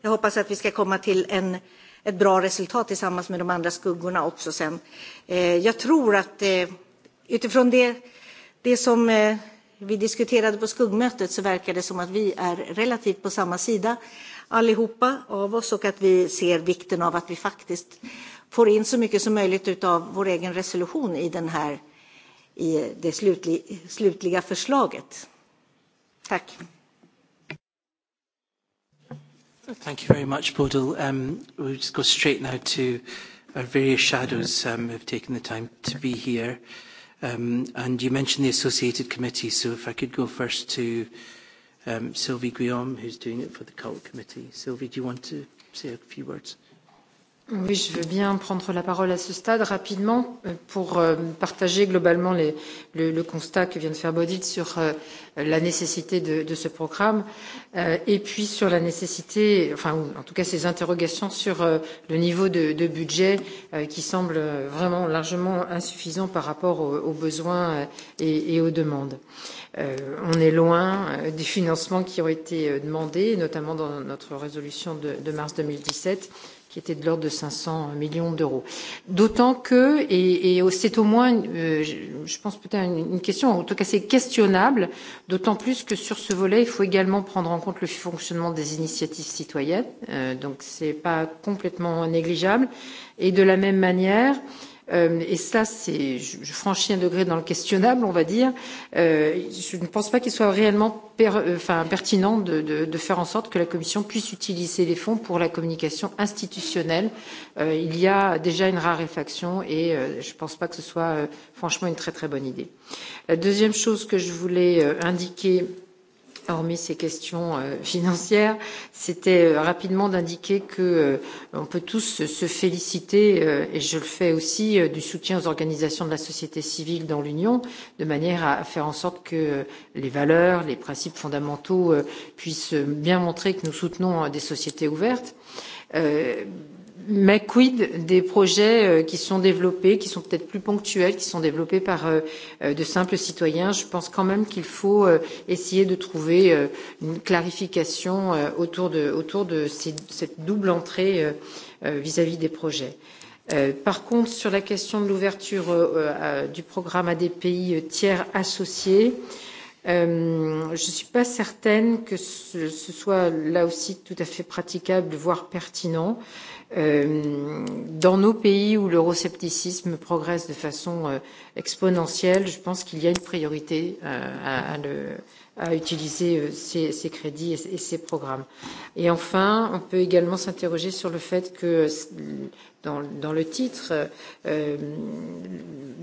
jag hoppas att vi ska komma till en, ett bra resultat tillsammans med de andra skuggorna också sen. Jag tror att utifrån det, det som vi diskuterade på skuggmötet så verkar det som att vi är relativt på samma sida allihopa av oss och att vi ser vikten av att vi faktiskt får in så mycket som möjligt av vår egen resolution i, den här, i det slutli, slutliga förslaget. Tack. Thank you very much, Bodil. Um, we'll just go straight now to our various shadows um, who have taken the time to be here. Um, and you mentioned the Associated Committee, so if I could go first to uh, um, Sylvie Guillaume, who's doing it for the cult committee. Sylvie, do you want to say a few words? Oui, je veux bien prendre la parole à ce stade rapidement euh, pour euh, partager globalement les, le, le constat que vient de faire Bodil sur euh, la nécessité de, de ce programme et puis sur la nécessité, enfin en tout cas ces interrogations sur le niveau de, de budget qui semble vraiment largement insuffisant par rapport aux, aux besoins et, et aux demandes. Euh, euh, on est loin euh, des financements qui ont été euh, demandés, notamment dans notre résolution de, de mars 2017, qui était de l'ordre de 500 millions d'euros. D'autant que, et, et c'est au moins, euh, je, je pense peut-être une, une question, en tout cas c'est questionnable, d'autant plus que sur ce volet, il faut également prendre en compte le fonctionnement des initiatives citoyennes, euh, donc ce n'est pas complètement négligeable. Et de la même manière, euh, euh, et ça, c'est, je, je franchis un degré dans le questionnable, on va dire, euh, je ne pense pas qu'il soit réellement per, euh, enfin, pertinent de, de, de faire en sorte que la Commission puisse utiliser les fonds pour la communication institutionnelle. Euh, il y a déjà une raréfaction et euh, je ne pense pas que ce soit euh, franchement une très très bonne idée. La deuxième chose que je voulais euh, indiquer, euh, hormis ces questions euh, financières, c'était euh, rapidement d'indiquer que euh, on peut tous se féliciter, et je le fais aussi, du soutien aux organisations de la société civile dans l'Union, de manière à faire en sorte que les valeurs, les principes fondamentaux puissent bien montrer que nous soutenons des sociétés ouvertes. Euh, Mais quid des projets euh, qui sont développés, qui sont peut-être plus ponctuels, qui sont développés par euh, euh, de simples citoyens Je pense quand même qu'il faut essayer de trouver une clarification autour de, autour de ces, cette double entrée vis-à-vis -vis des projets. Par contre, sur la question de l'ouverture du programme à des pays tiers associés, je ne suis pas certaine que ce soit là aussi tout à fait praticable, voire pertinent. Euh, dans nos pays où l'euroscepticisme progresse de façon euh, exponentielle, je pense qu'il y a une priorité euh, à, à, le, à utiliser euh, ces, ces crédits et, et ces programmes. Et enfin, on peut également s'interroger sur le fait que dans, dans le titre, euh,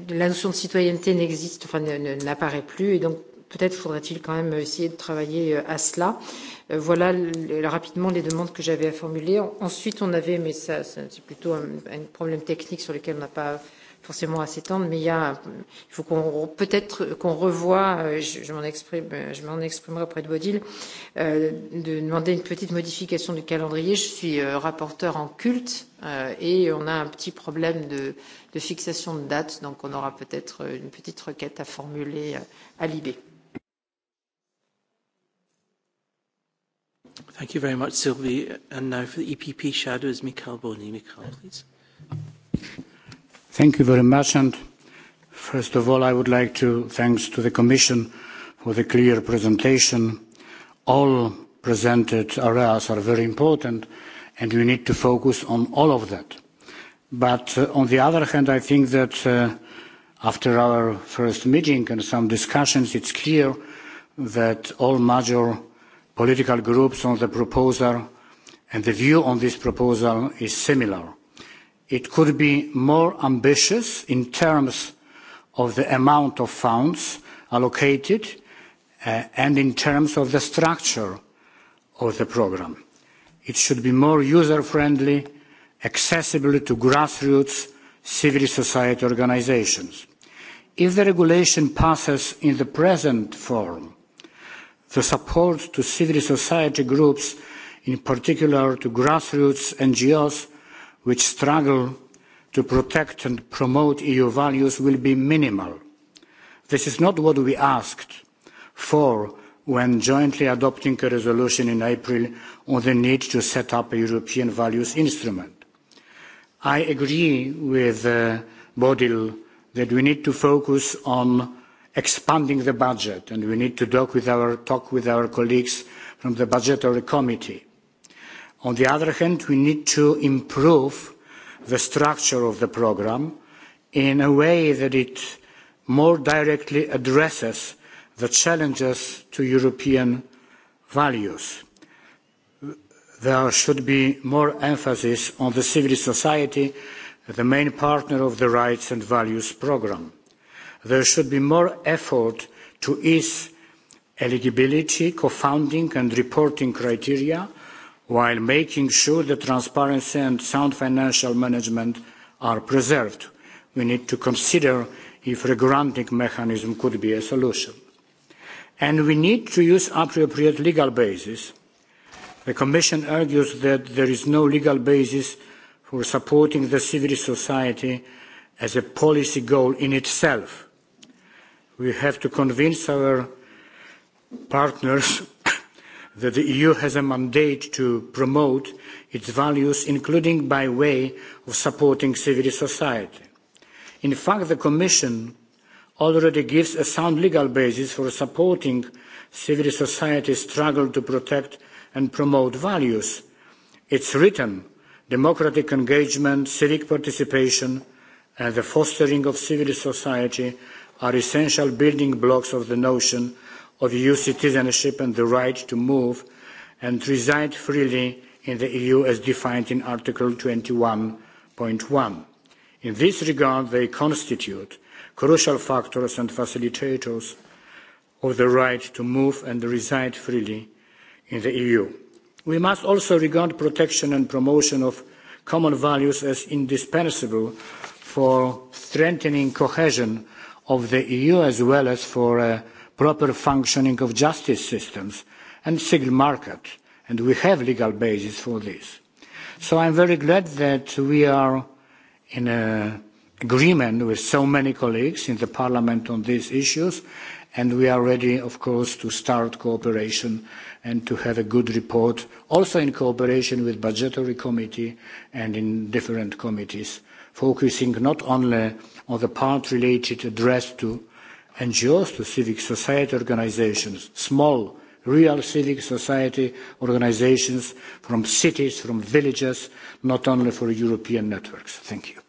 la notion de citoyenneté n'existe, enfin n'apparaît plus, et donc Peut-être faudrait-il quand même essayer de travailler euh, à cela. Euh, voilà rapidement les demandes que j'avais à formuler. Ensuite, on avait, mais ça, c'est plutôt un, un problème technique sur lequel on n'a pas forcément à s'étendre, mais il, y a, il faut qu'on, peut-être qu'on revoie, euh, je, je, m'en exprime, je m'en exprimerai auprès de Baudil, euh, de demander une petite modification du calendrier. Je suis euh, rapporteur en culte euh, et on a un petit problème de, de fixation de date, donc on aura peut-être une petite requête à formuler à l'IB. Thank you very much, Sylvie. And now for the EPP shadow is Mikhail Boni. Mikhail, please. Thank you very much. And first of all, I would like to thank the Commission for the clear presentation. All presented areas are very important, and we need to focus on all of that. But uh, on the other hand, I think that uh, after our first meeting and some discussions, it's clear that all major political groups on the proposal and the view on this proposal is similar. It could be more ambitious in terms of the amount of funds allocated uh, and in terms of the structure of the programme. It should be more user-friendly, accessible to grassroots civil society organisations. If the regulation passes in the present form, the support to civil society groups, in particular to grassroots NGOs, which struggle to protect and promote EU values, will be minimal. This is not what we asked for when jointly adopting a resolution in April on the need to set up a European values instrument. I agree with uh, Bodil that we need to focus on expanding the budget, and we need to talk with our, talk with our colleagues from the budgetary committee. On the other hand, we need to improve the structure of the programme in a way that it more directly addresses the challenges to European values. There should be more emphasis on the civil society, the main partner of the Rights and Values programme there should be more effort to ease eligibility, co-founding and reporting criteria while making sure the transparency and sound financial management are preserved. We need to consider if a granting mechanism could be a solution. And we need to use appropriate legal basis. The Commission argues that there is no legal basis for supporting the civil society as a policy goal in itself we have to convince our partners that the EU has a mandate to promote its values, including by way of supporting civil society. In fact, the Commission already gives a sound legal basis for supporting civil society's struggle to protect and promote values. It's written democratic engagement, civic participation, and the fostering of civil society are essential building blocks of the notion of EU citizenship and the right to move and reside freely in the EU as defined in Article 21.1. In this regard, they constitute crucial factors and facilitators of the right to move and reside freely in the EU. We must also regard protection and promotion of common values as indispensable for strengthening cohesion of the EU as well as for a uh, proper functioning of justice systems and single market, and we have legal basis for this. So I'm very glad that we are in a agreement with so many colleagues in the Parliament on these issues, and we are ready, of course, to start cooperation and to have a good report, also in cooperation with Budgetary Committee and in different committees focusing not only on the part related addressed to NGOs, to civic society organizations, small, real civic society organizations from cities, from villages, not only for European networks. Thank you.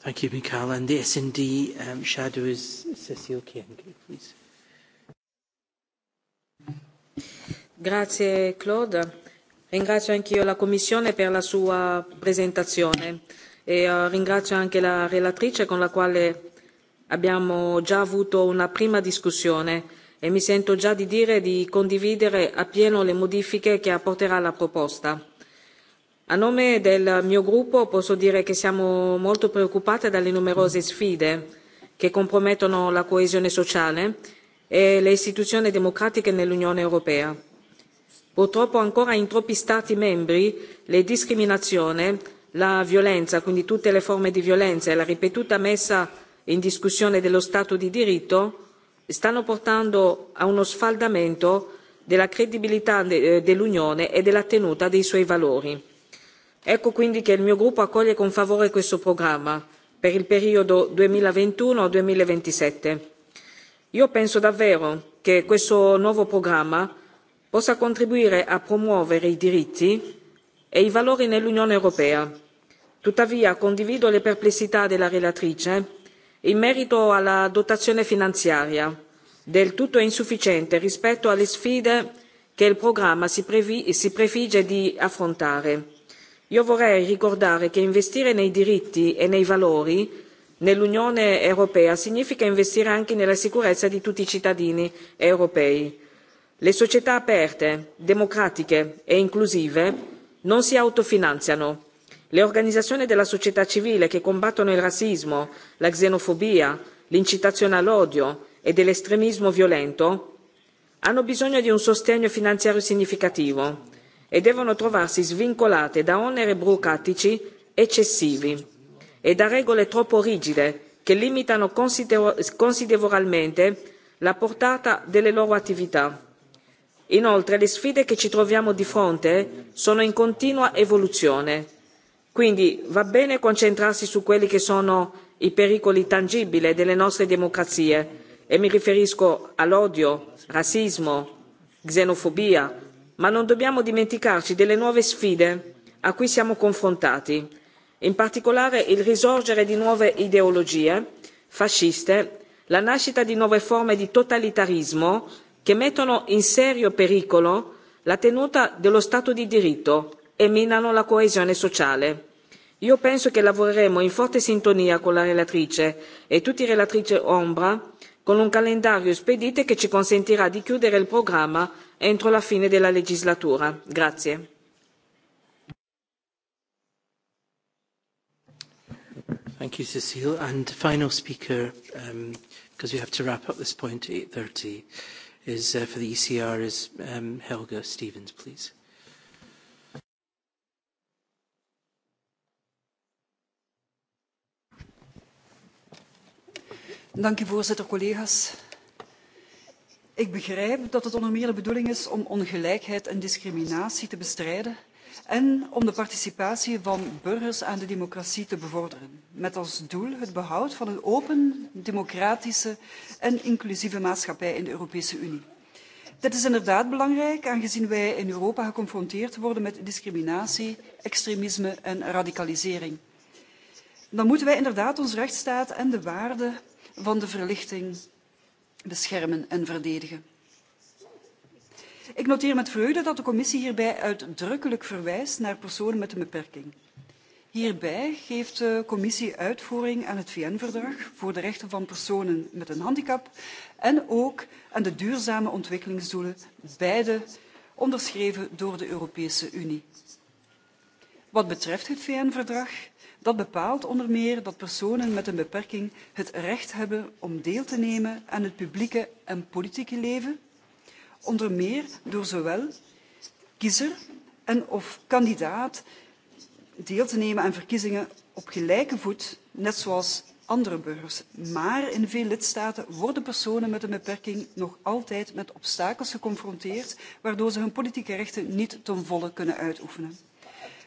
Thank you, Mikhail. And the SND um, shadow is Cecile Kienke, please. Grazie, Claude. Ringrazio anch'io la Commissione per la sua presentazione e eh, ringrazio anche la relatrice con la quale abbiamo già avuto una prima discussione e mi sento già di dire di condividere appieno le modifiche che apporterà la proposta. A nome del mio gruppo posso dire che siamo molto preoccupate dalle numerose sfide che compromettono la coesione sociale e le istituzioni democratiche nell'Unione Europea. Purtroppo ancora in troppi Stati membri le discriminazioni la violenza, quindi tutte le forme di violenza e la ripetuta messa in discussione dello Stato di diritto stanno portando a uno sfaldamento della credibilità eh, dell'Unione e della tenuta dei suoi valori. Ecco quindi che il mio gruppo accoglie con favore questo programma per il periodo 2021-2027. Io penso davvero che questo nuovo programma possa contribuire a promuovere i diritti e i valori nell'Unione Europea. Tuttavia condivido le perplessità della relatrice eh, in merito alla dotazione finanziaria, del tutto insufficiente rispetto alle sfide che il programma si, previ- si prefigge di affrontare. Io vorrei ricordare che investire nei diritti e nei valori nell'Unione europea significa investire anche nella sicurezza di tutti i cittadini europei. Le società aperte, democratiche e inclusive non si autofinanziano. Le organizzazioni della società civile che combattono il razzismo, la xenofobia, l'incitazione all'odio e dell'estremismo violento hanno bisogno di un sostegno finanziario significativo e devono trovarsi svincolate da oneri burocratici eccessivi e da regole troppo rigide che limitano considerevolmente la portata delle loro attività. Inoltre le sfide che ci troviamo di fronte sono in continua evoluzione quindi va bene concentrarsi su quelli che sono i pericoli tangibili delle nostre democrazie e mi riferisco all'odio razzismo xenofobia ma non dobbiamo dimenticarci delle nuove sfide a cui siamo confrontati in particolare il risorgere di nuove ideologie fasciste la nascita di nuove forme di totalitarismo che mettono in serio pericolo la tenuta dello Stato di diritto e minano la coesione sociale. Io penso che lavoreremo in forte sintonia con la relatrice e tutti i relatrici ombra con un calendario spedito che ci consentirà di chiudere il programma entro la fine della legislatura. Grazie. Thank you, Cecile. And final speaker, because um, we have to wrap up this point at 8.30, is, uh, for the ECR, is um, Helga Stevens, please. Dank u, voorzitter, collega's. Ik begrijp dat het onder meer de bedoeling is om ongelijkheid en discriminatie te bestrijden en om de participatie van burgers aan de democratie te bevorderen, met als doel het behoud van een open, democratische en inclusieve maatschappij in de Europese Unie. Dit is inderdaad belangrijk, aangezien wij in Europa geconfronteerd worden met discriminatie, extremisme en radicalisering. Dan moeten wij inderdaad ons rechtsstaat en de waarden van de verlichting beschermen en verdedigen. Ik noteer met vreugde dat de commissie hierbij uitdrukkelijk verwijst naar personen met een beperking. Hierbij geeft de commissie uitvoering aan het VN-verdrag voor de rechten van personen met een handicap en ook aan de duurzame ontwikkelingsdoelen, beide onderschreven door de Europese Unie. Wat betreft het VN-verdrag Dat bepaalt onder meer dat personen met een beperking het recht hebben om deel te nemen aan het publieke en politieke leven, onder meer door zowel kiezer en of kandidaat deel te nemen aan verkiezingen op gelijke voet, net zoals andere burgers. Maar in veel lidstaten worden personen met een beperking nog altijd met obstakels geconfronteerd, waardoor ze hun politieke rechten niet ten volle kunnen uitoefenen.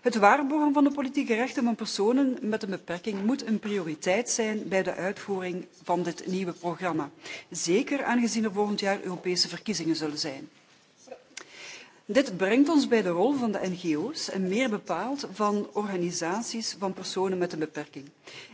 Het waarborgen van de politieke rechten van personen met een beperking moet een prioriteit zijn bij de uitvoering van dit nieuwe programma. Zeker aangezien er volgend jaar Europese verkiezingen zullen zijn. Dit brengt ons bij de rol van de NGO's en meer bepaald van organisaties van personen met een beperking.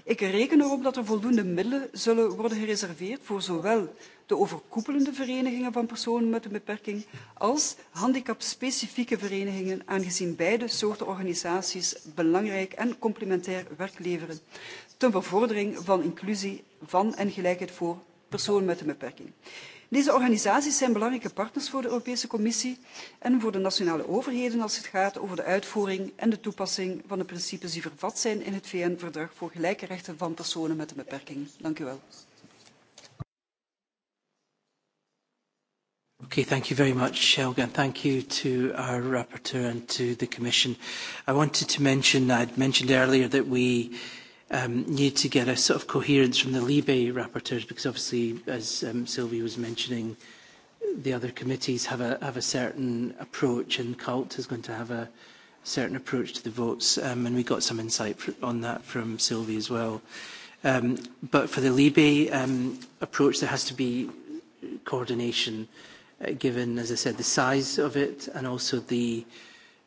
Ik reken erop dat er voldoende middelen zullen worden gereserveerd voor zowel de overkoepelende verenigingen van personen met een beperking als handicapspecifieke verenigingen, aangezien beide soorten organisaties belangrijk en complementair werk leveren ten bevordering van inclusie van en gelijkheid voor personen met een beperking. Deze organisaties zijn belangrijke partners voor de Europese Commissie en voor de nationale overheden als het gaat over de uitvoering en de toepassing van de principes die vervat zijn in het VN-verdrag voor gelijke rechten van personen met een beperking. Dank u wel. Okay, thank you very much, Helga, and thank you to our rapporteur and to the Commission. I wanted to mention, I'd mentioned earlier that we um, need to get a sort of coherence from the Libe rapporteurs, because obviously, as um, Sylvie was mentioning, the other committees have a, have a certain approach, and CULT is going to have a certain approach to the votes, um, and we got some insight on that from Sylvie as well. Um, but for the Libe um, approach, there has to be coordination. Uh, given, as I said, the size of it and also the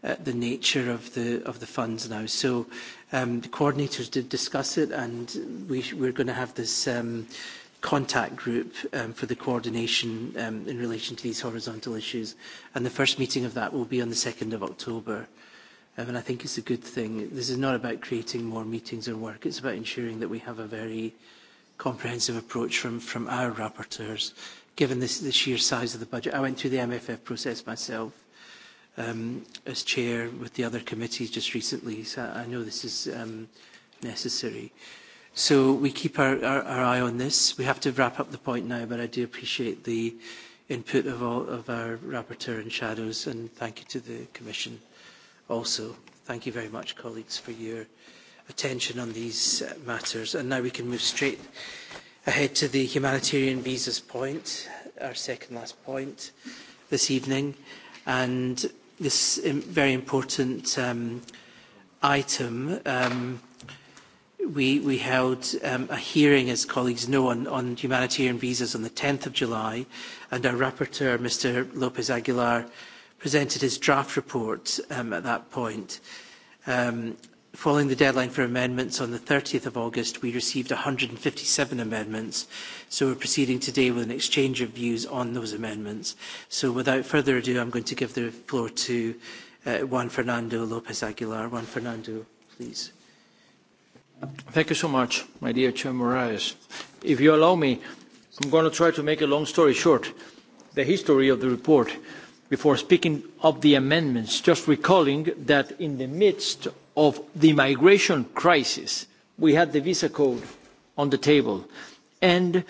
uh, nature of the funds now. So um, the coordinators did discuss it, and we're going to have this um, contact group um, for the coordination in relation to these horizontal issues. And the first meeting of that will be on the 2nd of October. And I think it's a good thing. This is not about creating more meetings or work. It's about ensuring that we have a very comprehensive approach from our rapporteurs given this, the sheer size of the budget. I went through the MFF process myself um, as chair with the other committees just recently, so I know this is um, necessary. So we keep our, our, our eye on this. We have to wrap up the point now, but I do appreciate the input of, all, of our rapporteur and shadows, and thank you to the Commission also. Thank you very much, colleagues, for your attention on these uh, matters. And now we can move straight ahead to the humanitarian visas point, our second last point this evening, and this very important um, item. Um, we, we held um, a hearing, as colleagues know, on, on humanitarian visas on the 10th of July, and our rapporteur, Mr. Lopez Aguilar, presented his draft report um, at that point. Um, Following the deadline for amendments on the 30th of August, we received 157 amendments. So we're proceeding today with an exchange of views on those amendments. So without further ado, I'm going to give the floor to uh, Juan Fernando Lopez Aguilar. Juan Fernando, please. Thank you so much, my dear Chair Moraes. If you allow me, I'm going to try to make a long story short. The history of the report, before speaking of the amendments, just recalling that in the midst of the migration crisis we had the visa code on the table and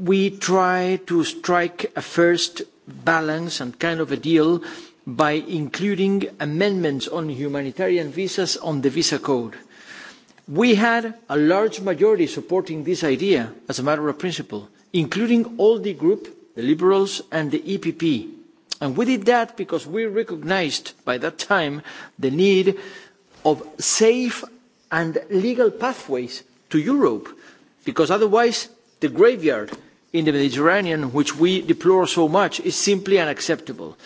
we tried to strike a first balance and kind of a deal by including amendments on humanitarian visas on the visa code. We had a large majority supporting this idea as a matter of principle, including all the group, the Liberals and the EPP. And we did that because we recognized by that time the need of safe and legal pathways to Europe, because otherwise the graveyard in the Mediterranean, which we deplore so much, is simply unacceptable.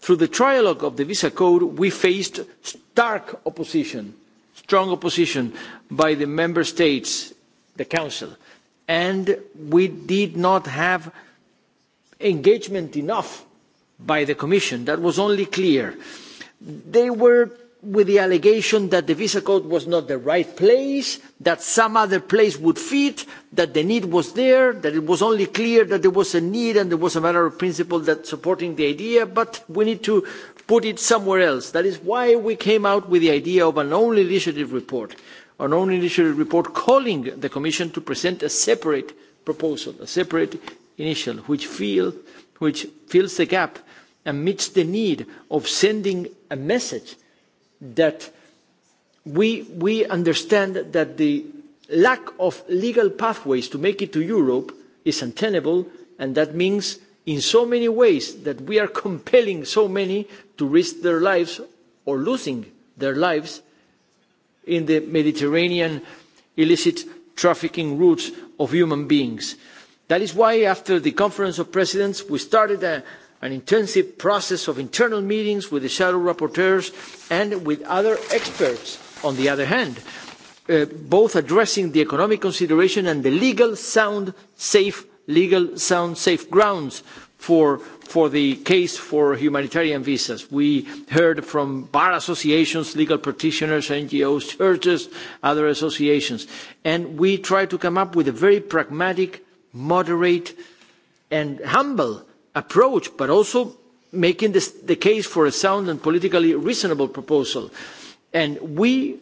Through the trialogue of the visa code, we faced stark opposition, strong opposition by the member states, the council, and we did not have engagement enough by the commission. That was only clear. They were with the allegation that the visa code was not the right place, that some other place would fit, that the need was there, that it was only clear that there was a need and there was a matter of principle that supporting the idea, but we need to put it somewhere else. That is why we came out with the idea of an own initiative report, an own initiative report calling the Commission to present a separate proposal, a separate initial, which, feel, which fills the gap and meets the need of sending a message that we, we understand that the lack of legal pathways to make it to Europe is untenable, and that means in so many ways that we are compelling so many to risk their lives or losing their lives in the Mediterranean illicit trafficking routes of human beings. That is why, after the Conference of Presidents, we started a, an intensive process of internal meetings with the shadow rapporteurs and with other experts, on the other hand, uh, both addressing the economic consideration and the legal sound safe, legal sound safe grounds for, for the case for humanitarian visas. We heard from bar associations, legal practitioners, NGOs, churches, other associations, and we tried to come up with a very pragmatic, moderate and humble uh, approach but also making this the case for a sound and politically reasonable proposal and we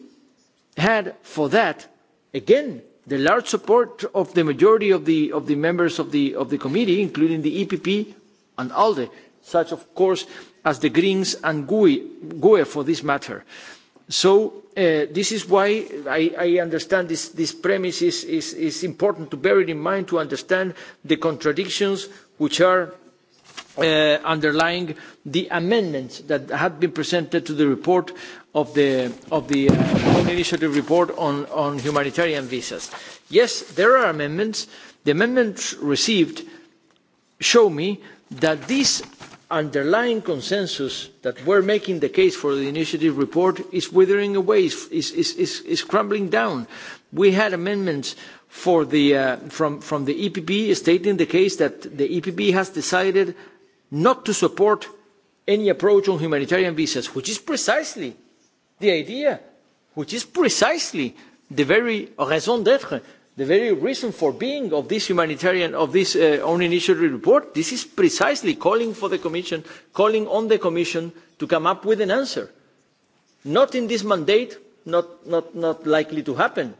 had for that again the large support of the majority of the of the members of the of the committee including the epp and alde such of course as the greens and gue, GUE for this matter so uh, this is why i i understand this this premise is, is is important to bear it in mind to understand the contradictions which are uh, underlying the amendments that have been presented to the report of the of the uh, own initiative report on on humanitarian visas yes there are amendments the amendments received show me that this underlying consensus that we're making the case for the initiative report is withering away is is is, is crumbling down we had amendments for the uh, from from the epp stating the case that the epp has decided not to support any approach on humanitarian visas, which is precisely the idea, which is precisely the very raison d'être, the very reason for being of this humanitarian, of this uh, own initiative report. This is precisely calling for the Commission, calling on the Commission to come up with an answer. Not in this mandate, not, not, not likely to happen,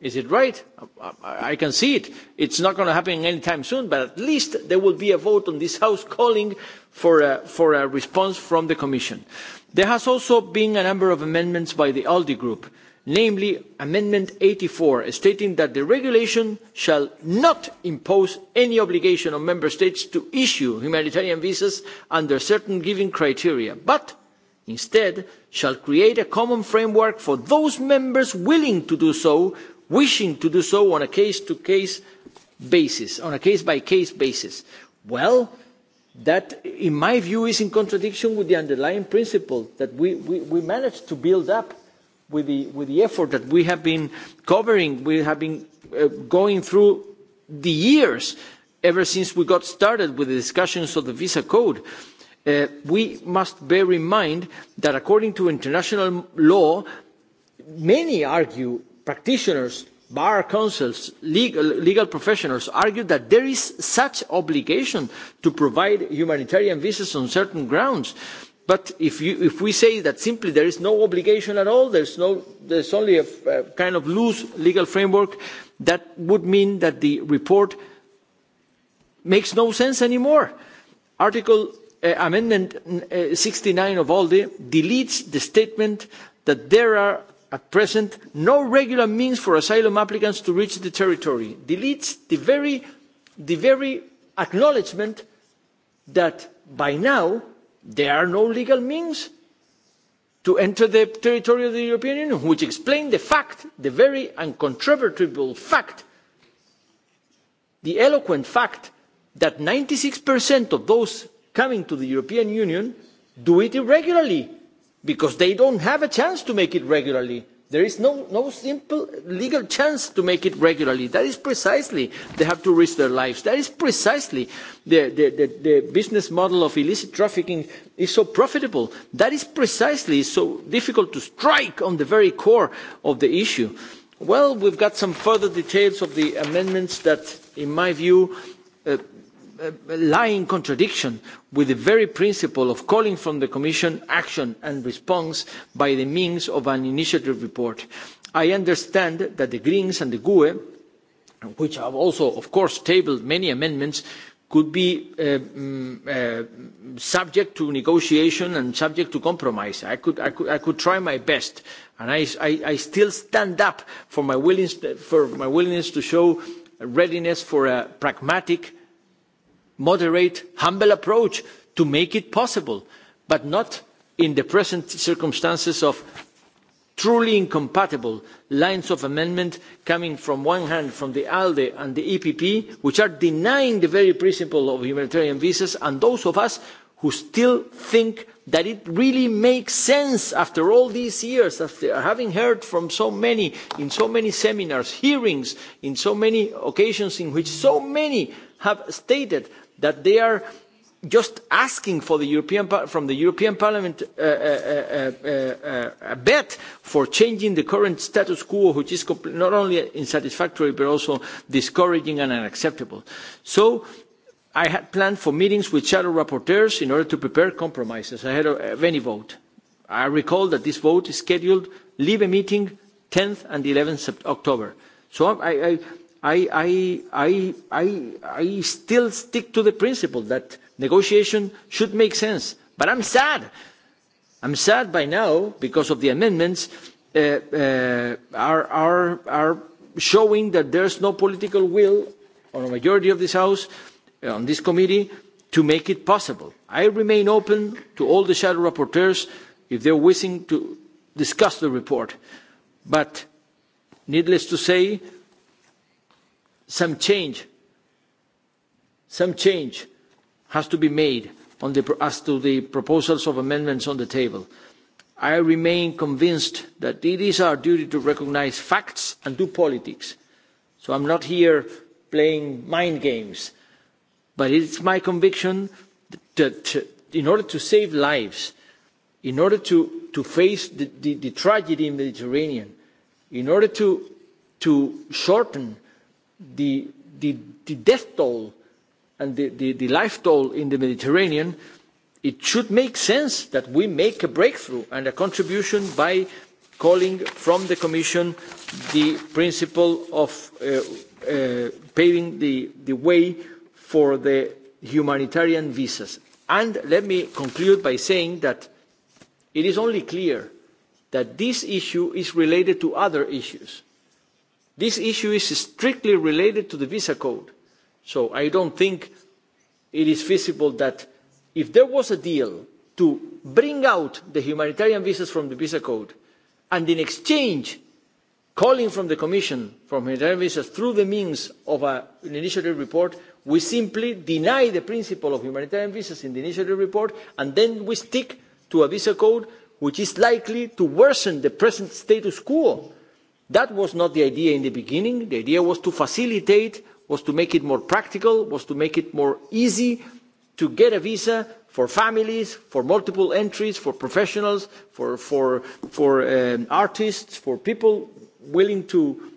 Is it right? I, I can see it. It's not going to happen anytime soon, but at least there will be a vote on this House calling for a, for a response from the Commission. There has also been a number of amendments by the ALDE group, namely Amendment 84, stating that the regulation shall not impose any obligation on Member States to issue humanitarian visas under certain giving criteria, but instead shall create a common framework for those members willing to do so wishing to do so on a case to case basis on a case by case basis well that in my view is in contradiction with the underlying principle that we managed to build up with the effort that we have been covering we have been uh, going through the years ever since we got started with the discussions of the visa code. Uh, we must bear in mind that according to international law many argue practitioners, bar counsels, legal, legal professionals argue that there is such obligation to provide humanitarian visas on certain grounds. But if, you, if we say that simply there is no obligation at all, there's, no, there's only a, a kind of loose legal framework, that would mean that the report makes no sense anymore. Article uh, Amendment 69 eh, of ALDE deletes the statement that there are at present no regular means for asylum applicants to reach the territory deletes the very, the very acknowledgement that by now there are no legal means to enter the territory of the European Union, which explains the fact, the very uncontrovertible fact, the eloquent fact that 96% of those coming to the European Union do it irregularly because they don't have a chance to make it regularly. There is no, no simple legal chance to make it regularly. That is precisely, they have to risk their lives. That is precisely, the, the, the, the business model of illicit trafficking is so profitable. That is precisely so difficult to strike on the very core of the issue. Well, we've got some further details of the amendments that, in my view, uh, Uh, uh, lying contradiction with the very principle of calling from the Commission action and response by the means of an initiative report. I understand that the Greens and the GUE, which have also, of course, tabled many amendments, could be uh, um, uh, subject to negotiation and subject to compromise. I could, I could, I could try my best, and I, I, I still stand up for my, willingness, for my willingness to show readiness for a pragmatic uh, moderate, humble approach to make it possible, but not in the present circumstances of truly incompatible lines of amendment coming from one hand from the ALDE and the EPP, which are denying the very principle of humanitarian visas, and those of us who still think that it really makes sense after all these years, after having heard from so many, in so many seminars, hearings, in so many occasions in which so many have stated that they are just asking for the European from the European Parliament uh, uh, uh, uh, uh, a bet for changing the current status quo, which is not only unsatisfactory but also discouraging and unacceptable. So, I had planned for meetings with shadow rapporteurs in order to prepare compromises ahead of, of any vote. I recall that this vote is scheduled leave a meeting 10th and 11th October. So I. I I, I, I, I, I still stick to the principle that negotiation should make sense. But I'm sad. I'm sad by now because of the amendments uh, uh, are, are, are showing that there's no political will on a majority of this House, uh, on this committee, to make it possible. I remain open to all the shadow rapporteurs if they're wishing to discuss the report. But needless to say, some change some change has to be made on the, as to the proposals of amendments on the table. I remain convinced that it is our duty to recognise facts and do politics. So I'm not here playing mind games. But it's my conviction that in order to save lives, in order to, to face the, the, the tragedy in the Mediterranean, in order to, to shorten uh, the, the, the death toll and the, the, the life toll in the Mediterranean, it should make sense that we make a breakthrough and a contribution by calling from the Commission the principle of uh, uh, paving the, the way for the humanitarian visas. And let me conclude by saying that it is only clear that this issue is related to other issues this issue is strictly related to the visa code so i don't think it is feasible that if there was a deal to bring out the humanitarian visas from the visa code and in exchange calling from the commission for humanitarian visas through the means of a, an initiative report we simply deny the principle of humanitarian visas in the initiative report and then we stick to a visa code which is likely to worsen the present status quo. That was not the idea in the beginning. The idea was to facilitate, was to make it more practical, was to make it more easy to get a visa for families, for multiple entries, for professionals, for, for, for um, artists, for people willing to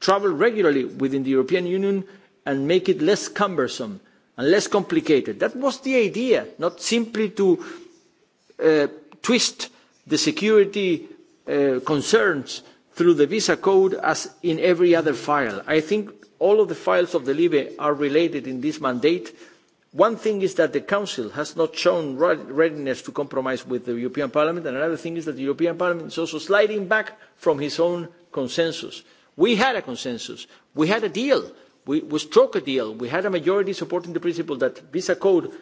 travel regularly within the European Union and make it less cumbersome and less complicated. That was the idea, not simply to uh, twist the security uh, concerns uh, through the visa code as in every other file. I think all of the files of the Libe are related in this mandate. One thing is that the Council has not shown readiness to compromise with the European Parliament, and another thing is that the European Parliament is also sliding back from his own consensus. We had a consensus. We had a deal. We, we struck a deal. We had a majority supporting the principle that visa code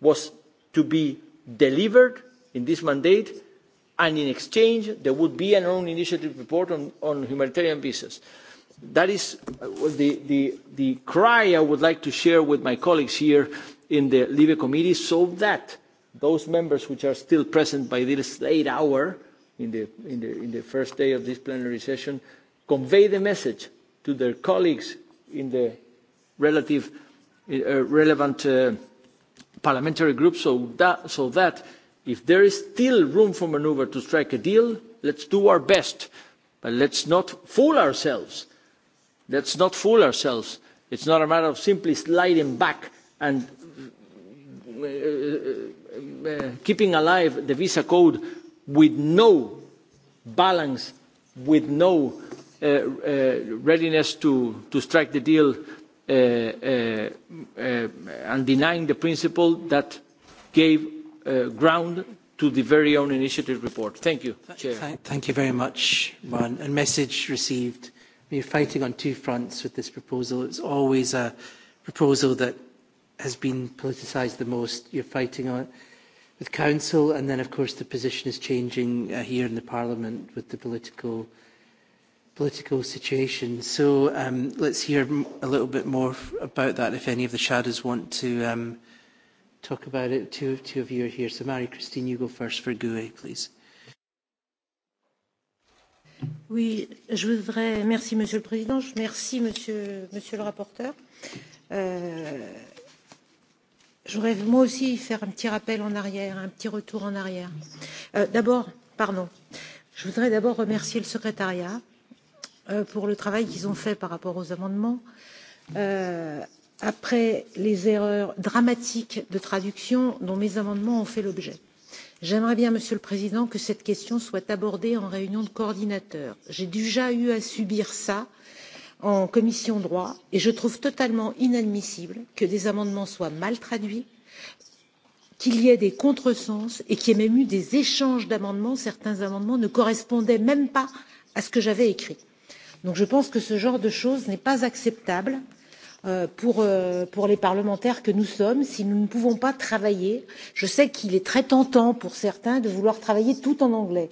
was to be delivered in this mandate and in exchange there would be an own initiative report on humanitarian visas. that is uh, the cry i would like to share with my colleagues here in the libe committee so that those members who are still present by this late hour on the first day of this plenary session convey the message to their colleagues in the uh, relevant uh, parliamentary groups so that if there is still room for manoeuvre to strike a deal let's do our best but let's not fool ourselves. let's not fool ourselves. it's not a matter of simply sliding back and uh, uh, uh, keeping alive the visa code with no balance with no uh, uh, readiness to, to strike the deal uh, uh, uh, and denying the principle that gave Uh, ground to the very own initiative report. Thank you, Chair. Thank, thank you very much, Juan. And message received. We're fighting on two fronts with this proposal. It's always a proposal that has been politicised the most. You're fighting on it with council, and then, of course, the position is changing uh, here in the Parliament with the political political situation. So um, let's hear a little bit more about that, if any of the shadows want to. Um, talk about it. Two, two of you are here. So, Mary Christine, you go first for GUE, please. Oui, je voudrais. Merci, Monsieur le Président. Merci, Monsieur, monsieur le Rapporteur. Euh, je voudrais moi aussi faire un petit rappel en arrière, un petit retour en arrière. Euh, d'abord, pardon, je voudrais d'abord remercier le secrétariat euh, pour le travail qu'ils ont fait par rapport aux amendements. Euh, après les erreurs dramatiques de traduction dont mes amendements ont fait l'objet j'aimerais bien monsieur le président que cette question soit abordée en réunion de coordinateurs. j'ai déjà eu à subir cela en commission du droit et je trouve totalement inadmissible que des amendements soient mal traduits qu'il y ait des contresens et qu'il y ait même eu des échanges d'amendements. certains amendements ne correspondaient même pas à ce que j'avais écrit. je pense que ce genre de choses n'est pas acceptable. Euh, pour, euh, pour les parlementaires que nous sommes si nous ne pouvons pas travailler. Je sais qu'il est très tentant pour certains de vouloir travailler tout en anglais.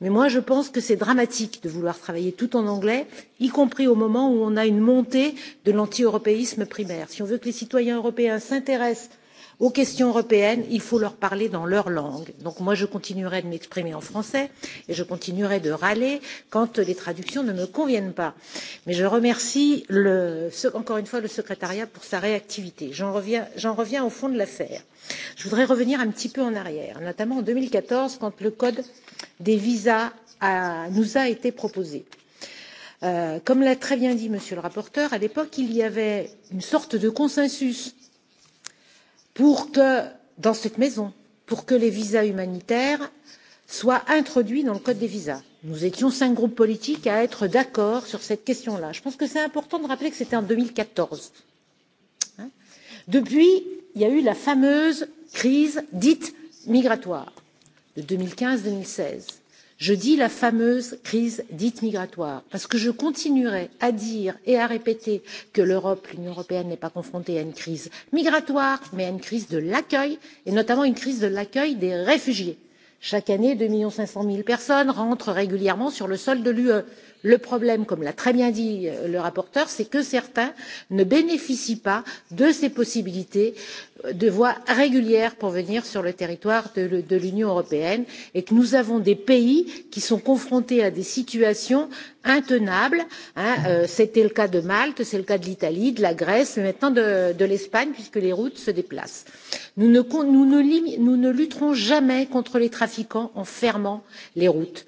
Mais moi, je pense que c'est dramatique de vouloir travailler tout en anglais, y compris au moment où on a une montée de l'anti-européisme primaire. Si on veut que les citoyens européens s'intéressent aux questions européennes, il faut leur parler dans leur langue. Donc moi, je continuerai de m'exprimer en français et je continuerai de râler quand les traductions ne me conviennent pas. Mais je remercie le, encore une fois le secrétariat pour sa réactivité. J'en reviens, reviens au fond de l'affaire. Je voudrais revenir un petit peu en arrière, notamment en 2014, quand le code des visas a, nous a été proposé. Euh, comme l'a très bien dit Monsieur le rapporteur, à l'époque, il y avait une sorte de consensus pour que dans cette maison, pour que les visas humanitaires soient introduits dans le code des visas. Nous étions cinq groupes politiques à être d'accord sur cette question-là. Je pense que c'est important de rappeler que c'était en 2014. Hein Depuis, il y a eu la fameuse crise dite migratoire de 2015-2016 je dis la fameuse crise dite migratoire parce que je continuerai à dire et à répéter que l'europe l'union européenne n'est pas confrontée à une crise migratoire mais à une crise de l'accueil et notamment une crise de l'accueil des réfugiés. chaque année deux cinq millions de personnes rentrent régulièrement sur le sol de l'union. E. Le problème, comme l'a très bien dit euh, le rapporteur, c'est que certains ne bénéficient pas de ces possibilités euh, de voies régulières pour venir sur le territoire de l'Union européenne et que nous avons des pays qui sont confrontés à des situations intenables. Hein, euh, C'était le cas de Malte, c'est le cas de l'Italie, de la Grèce, mais maintenant de, de l'Espagne, puisque les routes se déplacent. Nous ne, nous, ne, nous ne lutterons jamais contre les trafiquants en fermant les routes.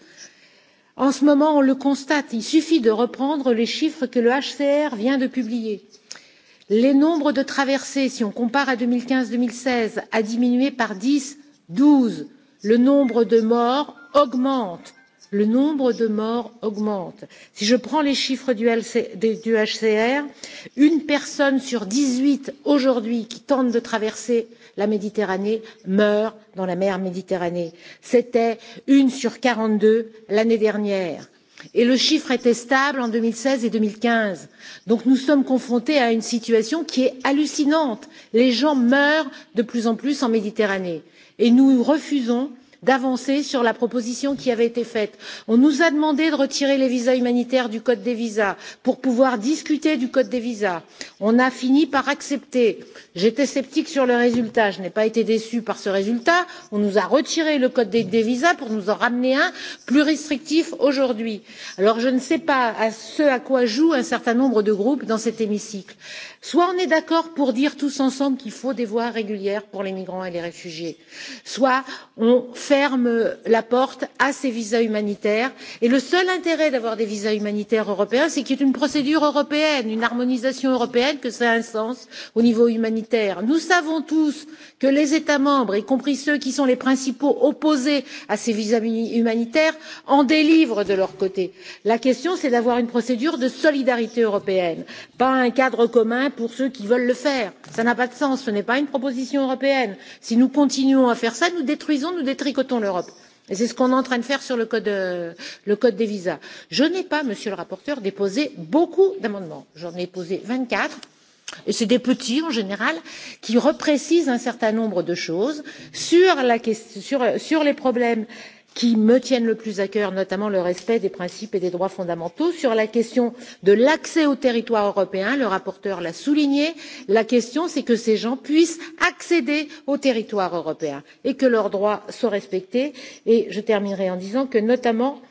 En ce moment, on le constate, il suffit de reprendre les chiffres que le HCR vient de publier. Les nombres de traversées, si on compare à 2015-2016, a diminué par 10, 12. Le nombre de morts augmente. Le nombre de morts augmente. Si je prends les chiffres du, LC, du HCR, une personne sur 18 aujourd'hui qui tente de traverser euh, la méditerranée meurent dans la mer méditerranée c'était une sur quarante deux l'année dernière et le chiffre était stable en deux mille seize et deux mille quinze donc nous sommes confrontés à une situation qui est hallucinante les gens meurent de plus en plus en méditerranée et nous refusons d'avancer sur la proposition qui avait été faite. On nous a demandé de retirer les visas humanitaires du code des visas pour pouvoir discuter du code des visas. On a fini par accepter. J'étais sceptique sur le résultat. Je n'ai pas été déçue par ce résultat. On nous a retiré le code des, des visas pour nous en ramener un plus restrictif aujourd'hui. Alors je ne sais pas à ce à quoi jouent un certain nombre de groupes dans cet hémicycle. Soit on est d'accord pour dire tous ensemble qu'il faut des voies régulières pour les migrants et les réfugiés, soit on ferme la porte à ces visas humanitaires. Et le seul intérêt d'avoir des visas humanitaires européens, c'est qu'il y ait une procédure européenne, une harmonisation européenne, que ça ait un sens au niveau humanitaire. Nous savons tous que les États membres, y compris ceux qui sont les principaux opposés à ces visas humanitaires, en délivrent de leur côté. La question, c'est d'avoir une procédure de solidarité européenne, pas un cadre commun pour ceux qui veulent le faire. Ça n'a pas de sens, ce n'est pas une proposition européenne. Si nous continuons à faire ça, nous détruisons, nous détricotons l'Europe. Et c'est ce qu'on est en train de faire sur le code, euh, le code des visas. Je n'ai pas, monsieur le rapporteur, déposé beaucoup d'amendements. J'en ai posé 24. Et c'est des petits, en général, qui reprécisent un certain nombre de choses sur, la question, sur, sur les problèmes qui me tiennent le plus à cœur, notamment le respect des principes et des droits fondamentaux. Sur la question de l'accès au territoire européen, le rapporteur l'a souligné, la question c'est que ces gens puissent accéder au territoire européen et que leurs droits soient respectés. Et je terminerai en disant que, notamment,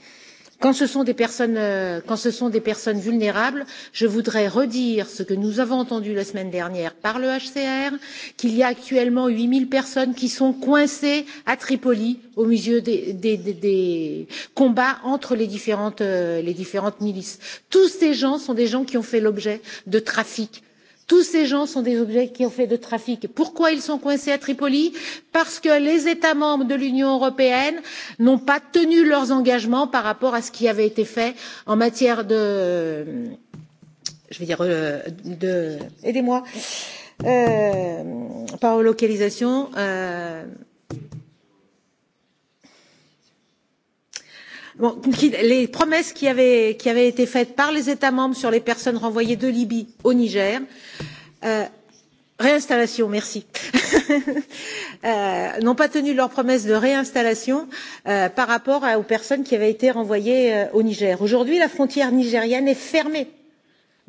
Quand ce sont des personnes, euh, quand ce sont des personnes vulnérables, je voudrais redire ce que nous avons entendu la semaine dernière par le HCR, qu'il y a actuellement 8000 personnes qui sont coincées à Tripoli au milieu des, des, des, des combats entre les différentes, euh, les différentes milices. Tous ces gens sont des gens qui ont fait l'objet de trafics Tous ces gens sont des objets qui ont fait de trafic. Pourquoi ils sont coincés à Tripoli Parce que les États membres de l'Union européenne n'ont pas tenu leurs engagements par rapport à ce qui avait été fait en matière de. Je vais dire. De, euh, de, Aidez-moi. Euh, par localisation. Euh, bon, qui, les promesses qui avaient, qui avaient été faites par les États membres sur les personnes renvoyées de Libye au Niger. Euh, Réinstallation, merci. euh, n'ont pas tenu leur promesse de réinstallation euh, par rapport à, aux personnes qui avaient été renvoyées euh, au Niger. Aujourd'hui, la frontière nigérienne est fermée. Euh,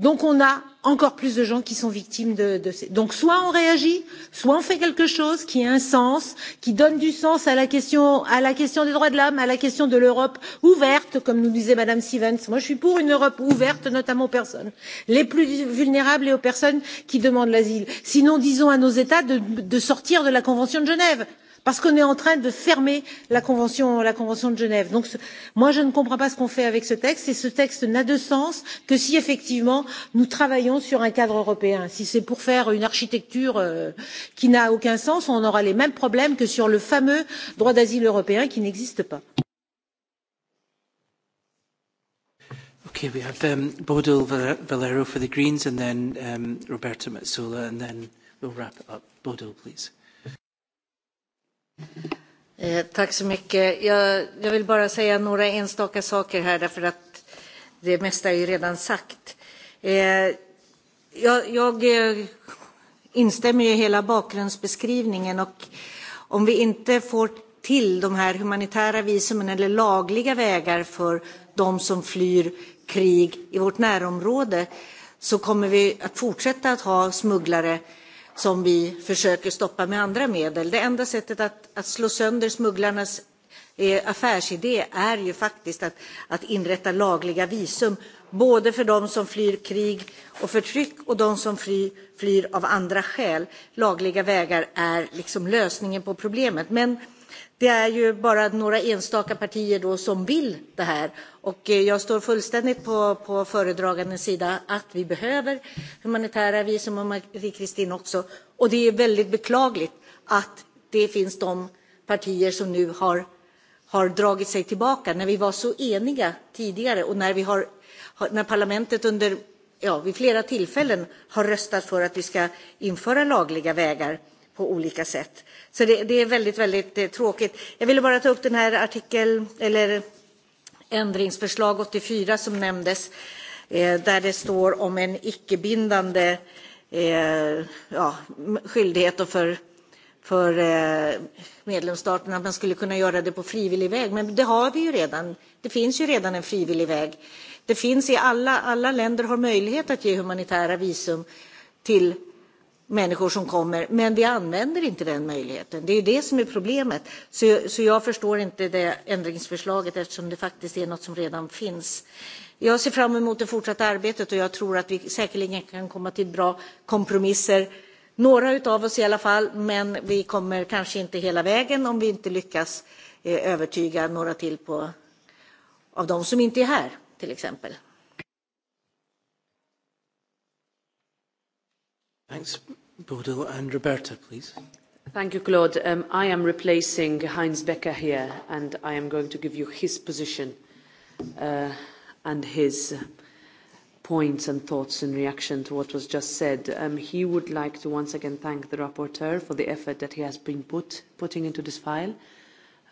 Donc on a encore plus de gens qui sont victimes de, de ces... Donc soit on réagit, soit on fait quelque chose qui a un sens, qui donne du sens à la question, à la question des droits de l'homme, à la question de l'Europe ouverte, comme nous disait Madame Stevens. Moi, je suis pour une Europe ouverte, notamment aux personnes les plus vulnérables et aux personnes qui demandent l'asile. Sinon, disons à nos États de, de sortir de la Convention de Genève parce qu'on est en train de fermer la convention, la convention de Genève. Donc ce, moi, je ne comprends pas ce qu'on fait avec ce texte. Et ce texte n'a de sens que si effectivement nous travaillons sur un cadre européen. Si c'est pour faire une architecture euh, qui n'a aucun sens, on aura les mêmes problèmes que sur le fameux droit d'asile européen qui n'existe pas. Okay, we have um, Bodil Valero for the Greens, and then um, Roberto Mazzola, and then we'll wrap it up. Bodil, please. Eh, tack så mycket. Jag, jag vill bara säga några enstaka saker här därför att det mesta är ju redan sagt. Eh, jag, jag eh, instämmer i hela bakgrundsbeskrivningen och om vi inte får till de här humanitära visumen eller lagliga vägar för de som flyr krig i vårt närområde så kommer vi att fortsätta att ha smugglare som vi försöker stoppa med andra medel. Det enda sättet att, att slå sönder smugglarnas eh, affärsidé är ju faktiskt att, att inrätta lagliga visum, både för de som flyr krig och förtryck och de som fly, flyr av andra skäl. Lagliga vägar är liksom lösningen på problemet. Men, Det är ju bara några enstaka partier då som vill det här. Och eh, jag står fullständigt på, på föredragandens sida att vi behöver humanitära visum och Marie-Kristin också. Och det är väldigt beklagligt att det finns de partier som nu har, har dragit sig tillbaka när vi var så eniga tidigare och när, vi har, när parlamentet under, ja, vid flera tillfällen har röstat för att vi ska införa lagliga vägar på olika sätt. Så det, det är väldigt, väldigt det eh, är tråkigt. Jag ville bara ta upp den här artikel eller ändringsförslag 84 som nämndes eh, där det står om en icke-bindande eh, ja, skyldighet för, för eh, medlemsstaterna att man skulle kunna göra det på frivillig väg. Men det har vi ju redan. Det finns ju redan en frivillig väg. Det finns i alla, alla länder har möjlighet att ge humanitära visum till människor som kommer, men vi använder inte den möjligheten. Det är ju det som är problemet. Så, så jag förstår inte det ändringsförslaget eftersom det faktiskt är något som redan finns. Jag ser fram emot det fortsatta arbetet och jag tror att vi säkerligen kan komma till bra kompromisser. Några av oss i alla fall, men vi kommer kanske inte hela vägen om vi inte lyckas eh, övertyga några till på, av de som inte är här, till exempel. Thanks, Bodo and Roberta, please. Thank you, Claude. Um, I am replacing Heinz Becker here, and I am going to give you his position uh, and his points and thoughts in reaction to what was just said. Um, he would like to once again thank the rapporteur for the effort that he has been put, putting into this file.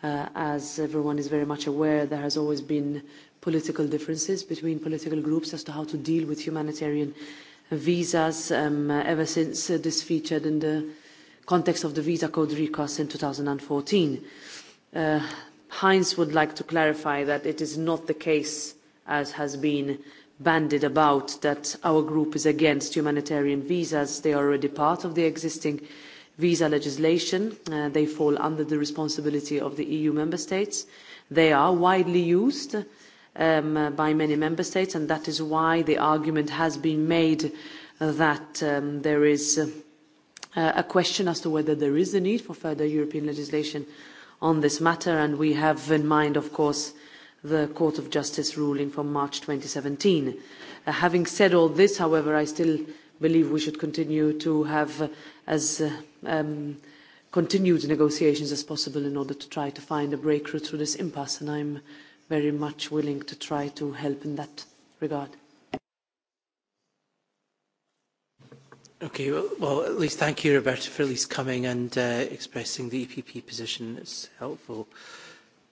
Uh, as everyone is very much aware, there has always been political differences between political groups as to how to deal with humanitarian visas um, ever since uh, this featured in the context of the visa code recourse in 2014. Uh, Heinz would like to clarify that it is not the case, as has been banded about, that our group is against humanitarian visas. They are already part of the existing visa legislation. Uh, they fall under the responsibility of the EU member states. They are widely used uh, um, by many member states, and that is why the argument has been made that um, there is uh, a question as to whether there is a need for further European legislation on this matter, and we have in mind, of course, the Court of Justice ruling from March 2017. Uh, having said all this, however, I still believe we should continue to have uh, as uh, um, continued negotiations as possible in order to try to find a breakthrough through this impasse, and I'm uh, very much willing to try to help in that regard. Okay, well, well, at least thank you, Roberta, for at least coming and uh, expressing the EPP position. It's helpful.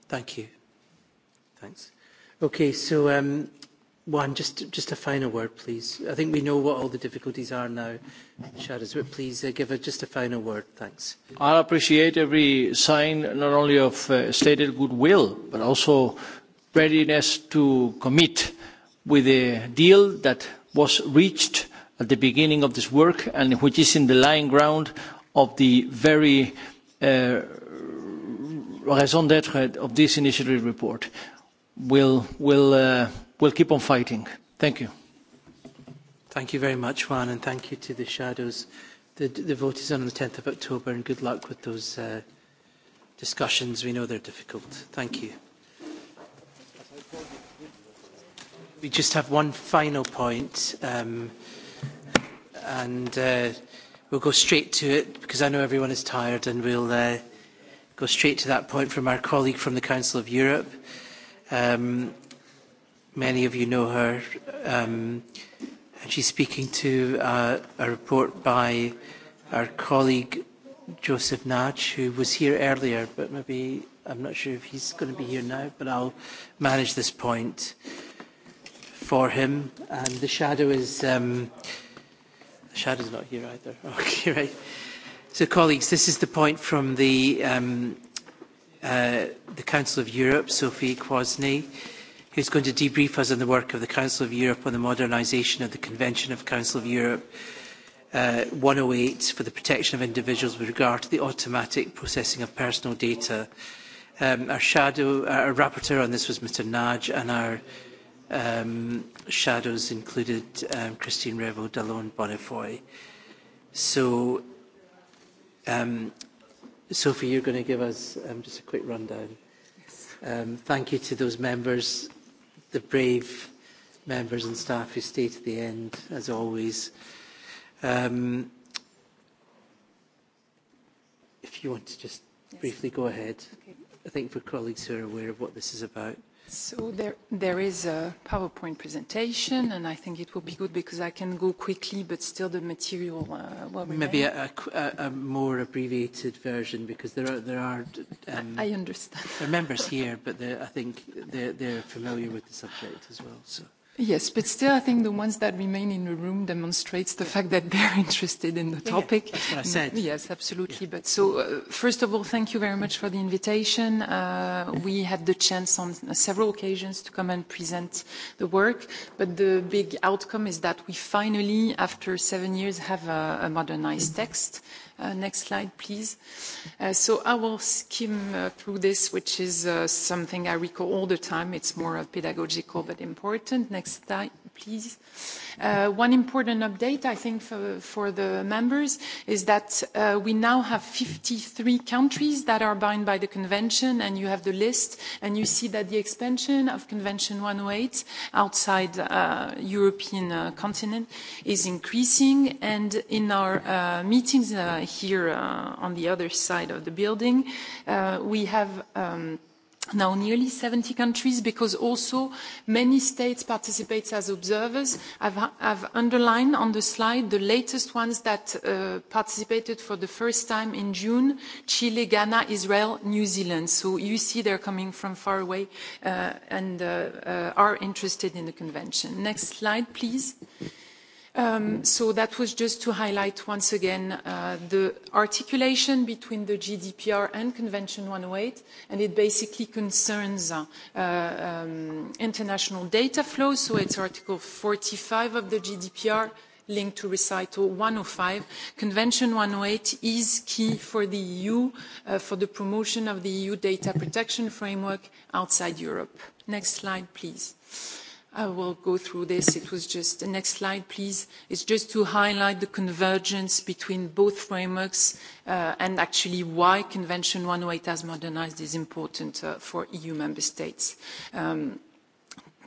Thank you. Thanks. Okay, so um, one, just just a final word, please. I think we know what all the difficulties are now, Shadows, but please uh, give a, just a final word. Thanks. I appreciate every sign, not only of uh, stated goodwill, but also readiness to commit with a deal that was reached at the beginning of this work and which is in the lying ground of the very uh, raison d'être of this initiative report. Uh, we'll keep on fighting. Thank you. Thank you very much, Juan, and thank you to the shadows. The vote is on the 10th of October, and good luck with those uh, discussions. We know they're difficult. Thank you. we just have one final point um, and uh, we'll go straight to it because I know everyone is tired and we'll uh, go straight to that point from our colleague from the Council of Europe. Um, many of you know her um, and she's speaking to uh, a report by our colleague Joseph Nadge who was here earlier but maybe I'm not sure if he's going to be here now but I'll manage this point. Uh, for him. And the shadow is... Um, the shadow's not here either. Okay, right. So, colleagues, this is the point from the, um, uh, the Council of Europe, Sophie Kwasny, who's going to debrief us on the work of the Council of Europe on the modernisation of the Convention of Council of Europe uh, 108 for the protection of individuals with regard to the automatic processing of personal data. Um, our shadow, our rapporteur on this was Mr Naj, and our uh, um, shadows included um, Christine Revo, Dallone, Bonifoy. So, um, Sophie, you're going to give us um, just a quick rundown. Yes. Um, thank you to those members, the brave members and staff who stay to the end, as always. Um, if you want to just yes. briefly go ahead. Okay. I think for colleagues who are aware of what this is about. So there is a PowerPoint presentation, and I think it will be good because I can go quickly, but still the material uh, will remain. Maybe a more abbreviated version, because there are, um, I understand. There are members here, but I think they're familiar with the subject as well, so. Yes, but still, I think the ones that remain in the room demonstrates the fact that they're interested in the topic. Yeah, that's what I mm, said. Yes, absolutely. Yeah. But so, uh, first of all, thank you very much for the invitation. Uh, we had the chance on uh, several occasions to come and present the work. But the big outcome is that we finally, after seven years, have a, a modernized text. Mm-hmm. Uh, next slide, please. Uh, so our scheme uh, through this, which is something I recall all the time, it's more pedagogical but important. Next slide, please. Uh, one important update, I think, for, for the members is that uh, we now have 53 countries that are bound by the convention, and you have the list, and you see that the expansion of Convention 108 outside uh, European uh, continent is increasing, and in our uh, meetings uh, here uh, on the other side of the building, uh, we have... Um, now nearly 70 countries because also many states participate as observers. I've, I've underlined on the slide the latest ones that uh, participated for the first time in June, Chile, Ghana, Israel, New Zealand. So you see they're coming from far away uh, and uh, uh, are interested in the convention. Next slide, please. Uh, Um, that was just to highlight once again uh, the articulation between the GDPR and Convention 108, and it basically concerns uh, um, international data flow. It's Article 45 of the GDPR linked to Recital 105. Convention 108 is key for the EU uh, for the promotion of the EU data protection framework outside Europe. Next slide, please. I will go through this. It was just the next slide, please. It's just to highlight the convergence between both frameworks uh, and actually why Convention 108 as modernized is important uh, for EU member states. Um,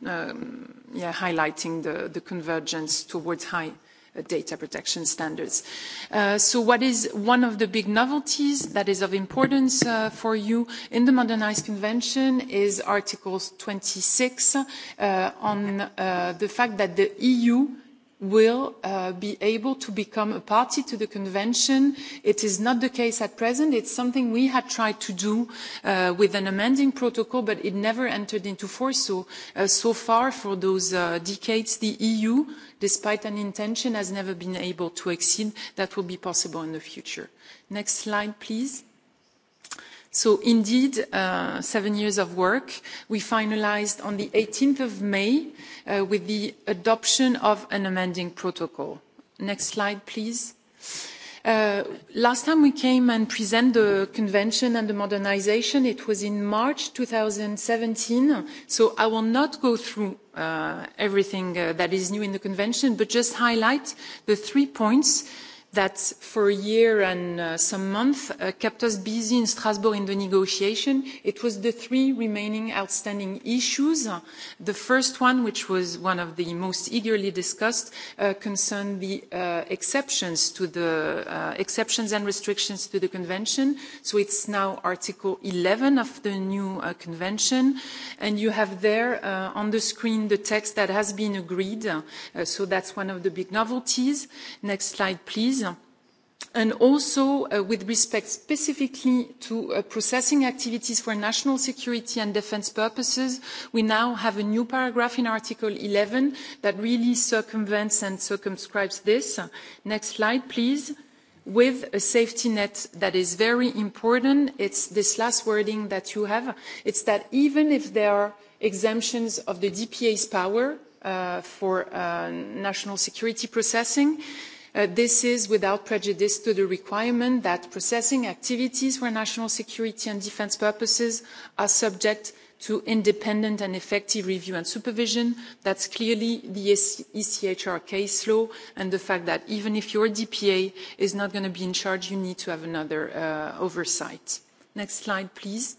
um, yeah, highlighting the, the convergence towards high Uh, data protection standards. Uh, so what is one of the big novelties that is of importance uh, for you in the modernized convention is Article 26 uh, on uh, the fact that the EU uh, will uh, be able to become a party to the convention. It is not the case at present. It's something we had tried to do uh, with an amending protocol, but it never entered into force. So, uh, so far for those uh, decades, the EU, despite an intention, has never been able to exceed. That will be possible in the future. Next slide, please. Indeed, uh, seven years of work, we finalized on the 18th of May uh, with the adoption of an amending protocol. Next slide, please. Uh, last time we came and present the convention and the modernization, it was in March 2017, so I will not go through everything that is new in the convention, but just highlight the three points that for a year and uh, some months uh, kept us busy in Strasbourg in the negotiation. It was the three remaining outstanding issues. The first one, which was one of the most eagerly discussed, uh, concerned the uh, exceptions to the uh, exceptions and restrictions to the convention. So it's now Article 11 of the new uh, convention. And you have there uh, on the screen the text that has been agreed. Uh, so that's one of the big novelties. Next slide, please and also uh, with respect specifically to uh, processing activities for national security and defence purposes, we now have a new paragraph in Article 11 that really circumvents and circumscribes this. Next slide, please. With a safety net that is very important, it's this last wording that you have. It's that even if there are exemptions of the DPA's power uh, for uh, national security processing, uh, Uh, this is without prejudice to the requirement that processing activities for national security and defense purposes are subject to independent and effective review and supervision. That's clearly the ECHR e case law and the fact that even if your DPA is not going to be in charge, you need to have another uh, oversight. Next slide, please.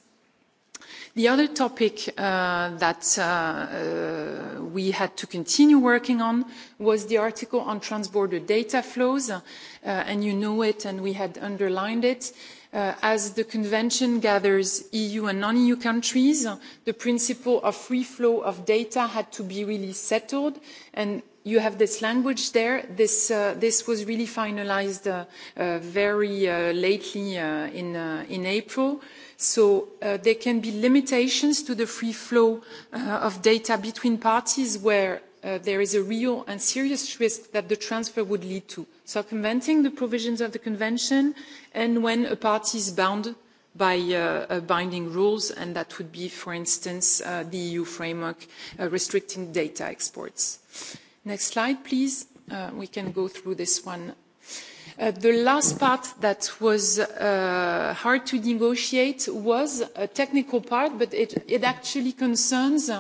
The other topic uh, that uh, uh, we had to continue working on was the article on transborder data flows, uh, and you know it and we had underlined it. Uh, as the convention gathers EU and non-EU countries, the principle of free flow of data had to be really settled, and you have this language there. This uh, this was really finalized uh, uh, very uh, lately uh, in uh, in April. So uh, there can be limitations to the free flow uh, of data between parties where. Uh, there is a real and serious risk that the transfer would lead to circumventing the provisions of the convention and when a party is bound by uh, uh, binding rules, and that would be, for instance, uh, the EU framework uh, restricting data exports. Uh, Next slide, please. Uh, we can go through this one. Uh, the last part that was uh, hard to negotiate was a technical part, but it, it actually concerns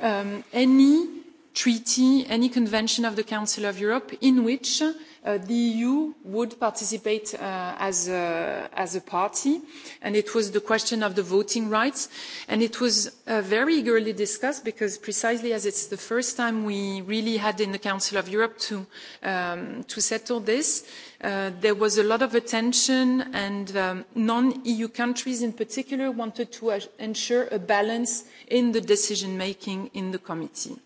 um, any treaty, any convention of the Council of Europe in which uh, Uh, the EU would participate uh, as, a, as a party. And it was the question of the voting rights. And it was uh, very eagerly discussed because precisely as it's the first time we really had in the Council of Europe to, um, to settle this, uh, there was a lot of attention and um, non-EU countries in particular wanted to ensure a balance in the decision-making in the committee.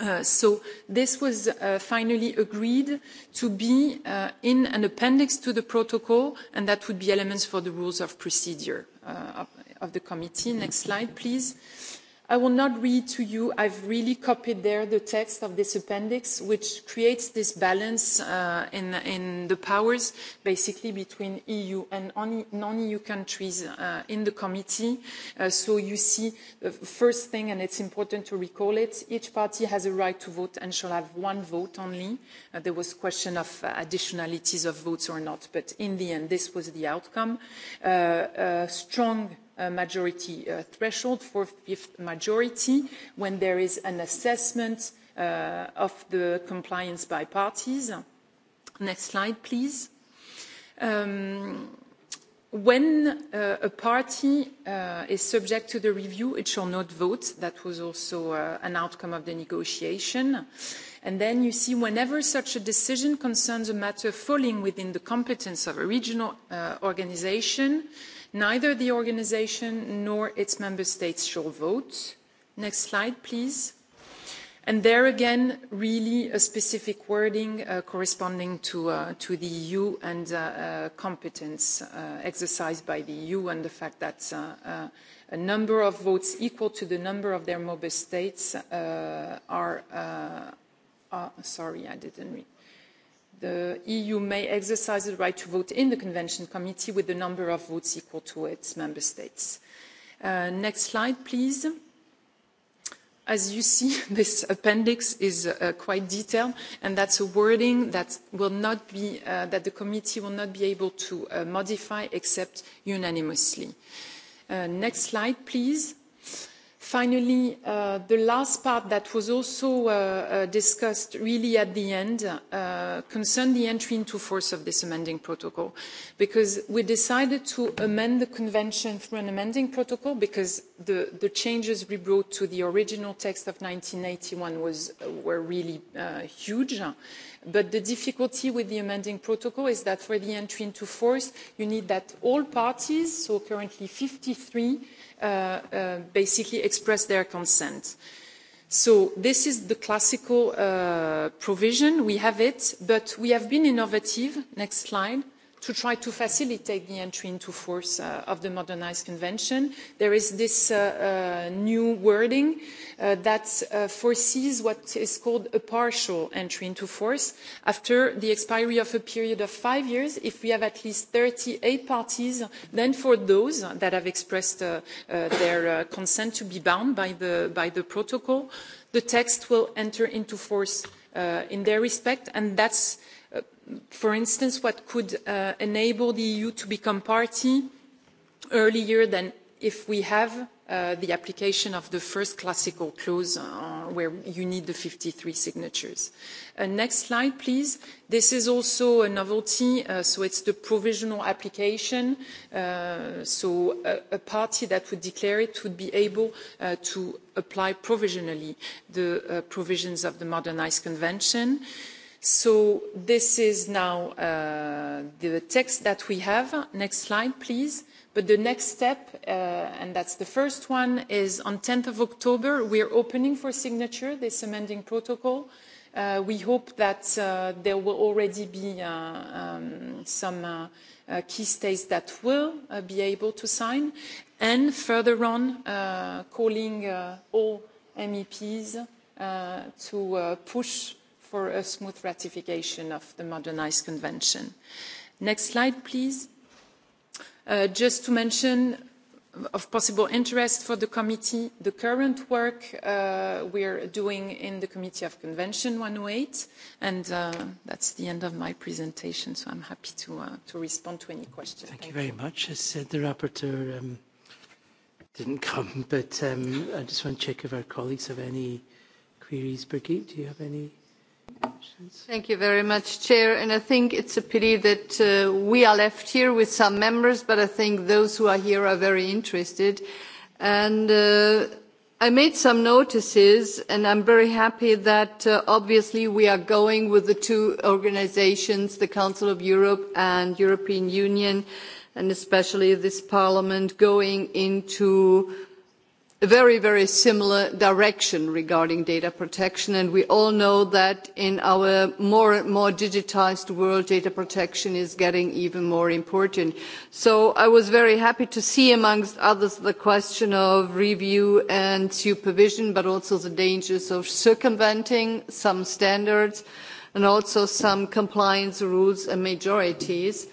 Uh, so this was uh, finally agreed to be uh, in an appendix to the protocol, and that would be elements for the rules of procedure uh, of, of the committee. Next slide, please. Uh, I will not read to you. I've really copied there the text of this appendix, which creates this balance uh, in, in the powers, basically, between EU and non EU countries uh, in the committee. Uh, so you see, the uh, first thing, and it's important to recall it each party has a right to vote and shall have one vote only. Uh, there was a question of uh, additionalities of votes or not, but in the end, this was the outcome. Uh, uh, strong Uh, majority uh, threshold, four-fifth majority, when there is an assessment uh, of the compliance by parties. Next slide, please. Um, when uh, a party uh, is subject to the review, it shall not vote. That was also uh, an outcome of the negotiation. And then you see whenever such a decision concerns a matter falling within the competence of a regional uh, organization, uh, Neither the organization nor its member states shall vote. Next slide, please. And there again, really a specific wording uh, corresponding to, uh, to the EU and uh, uh, competence uh, exercised by the EU and the fact that uh, uh, a number of votes equal to the number of their member states uh, are, uh, uh, sorry, I didn't read the eu may exercise the right to vote in the convention committee with the number of votes equal to its member states. Uh, next slide, please. As you see, this appendix is uh, quite detailed, and that's a wording that, will not be, uh, that the committee will not be able to uh, modify except unanimously. Uh, next slide, please finally, uh, the last part that was also uh, uh, discussed really at the end uh, concerned the entry into force of this amending protocol, because we decided to amend the convention through an amending protocol because the, the changes we brought to the original text of 1981 was, uh, were really uh, huge. But the difficulty with the amending protocol is that for the entry into force, you need that all parties, so currently 53, Uh, uh, basically express their consent. So this is the classical uh, provision. We have it, but we have been innovative. Next slide to try to facilitate the entry into force uh, of the modernized convention. There is this uh, uh, new wording uh, that uh, foresees what is called a partial entry into force after the expiry of a period of five years. If we have at least 38 parties, then for those that have expressed uh, uh, their uh, consent to be bound by the, by the protocol, the text will enter into force uh, in their respect, and that's for instance, what could uh, enable the EU to become party earlier than if we have uh, the application of the first classical clause uh, where you need the 53 signatures. Uh, next slide, please. This is also a novelty, uh, so it's the provisional application. Uh, so a, a party that would declare it would be able uh, to apply provisionally the uh, provisions of the Modernized Convention. Uh, So this is now uh, the text that we have. Next slide, please. But the next step, uh, and that's the first one, is on 10th of October, we're opening for signature this amending protocol. Uh, we hope that uh, there will already be uh, um, some uh, uh, key states that will uh, be able to sign. And further on, uh, calling uh, all MEPs uh, to uh, push for a smooth ratification of the modernized convention. Next slide, please. Uh, just to mention of possible interest for the committee, the current work uh, we're doing in the Committee of Convention 108, and uh, that's the end of my presentation, so I'm happy to, uh, to respond to any questions. Thank, Thank you very you. much. As said, the rapporteur um, didn't come, but um, I just want to check if our colleagues have any queries. Brigitte, do you have any? contributions. Thank you very much, Chair. And I think it's a pity that uh, we are left here with some members, but I think those who are here are very interested. And uh, I made some notices, and I'm very happy that uh, obviously we are going with the two organizations, the Council of Europe and European Union, and especially this parliament, going into very, very similar direction regarding data protection. And we all know that in our more and more digitized world, data protection is getting even more important. So I was very happy to see, amongst others, the question of review and supervision, but also the dangers of circumventing some standards and also some compliance rules and majorities.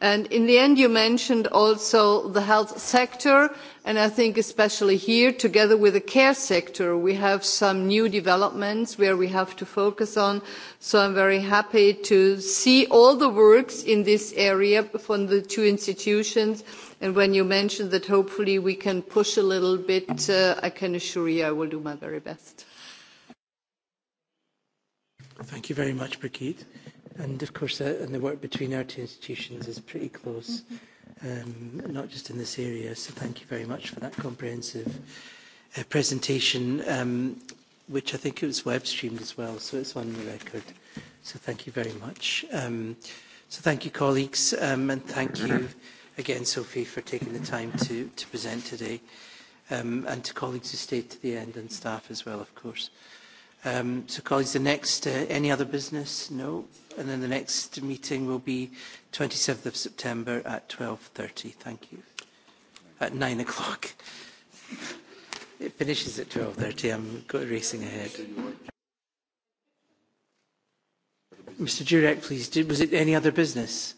And in the end, you mentioned also the health sector. And I think especially here, together with the care sector, we have some new developments where we have to focus on. So I'm very happy to see all the works in this area from the two institutions. And when you mentioned that hopefully we can push a little bit, uh, I can assure you I will do my very best. Thank you very much, Brigitte and of course, uh, and the work between our two institutions is pretty close, um, not just in this area. So thank you very much for that comprehensive uh, presentation, um, which I think it was web streamed as well, so it's on the record. So thank you very much. Um, so thank you, colleagues, um, and thank you again, Sophie, for taking the time to, to present today, um, and to colleagues who stayed to the end and staff as well, of course. Um, so, colleagues, the next, uh, any other business? No. And then the next meeting will be 27th of September at 12.30. Thank you. At 9 o'clock. it finishes at 12.30. I'm racing ahead. Mr. Jurek, please. Did, was it any other business?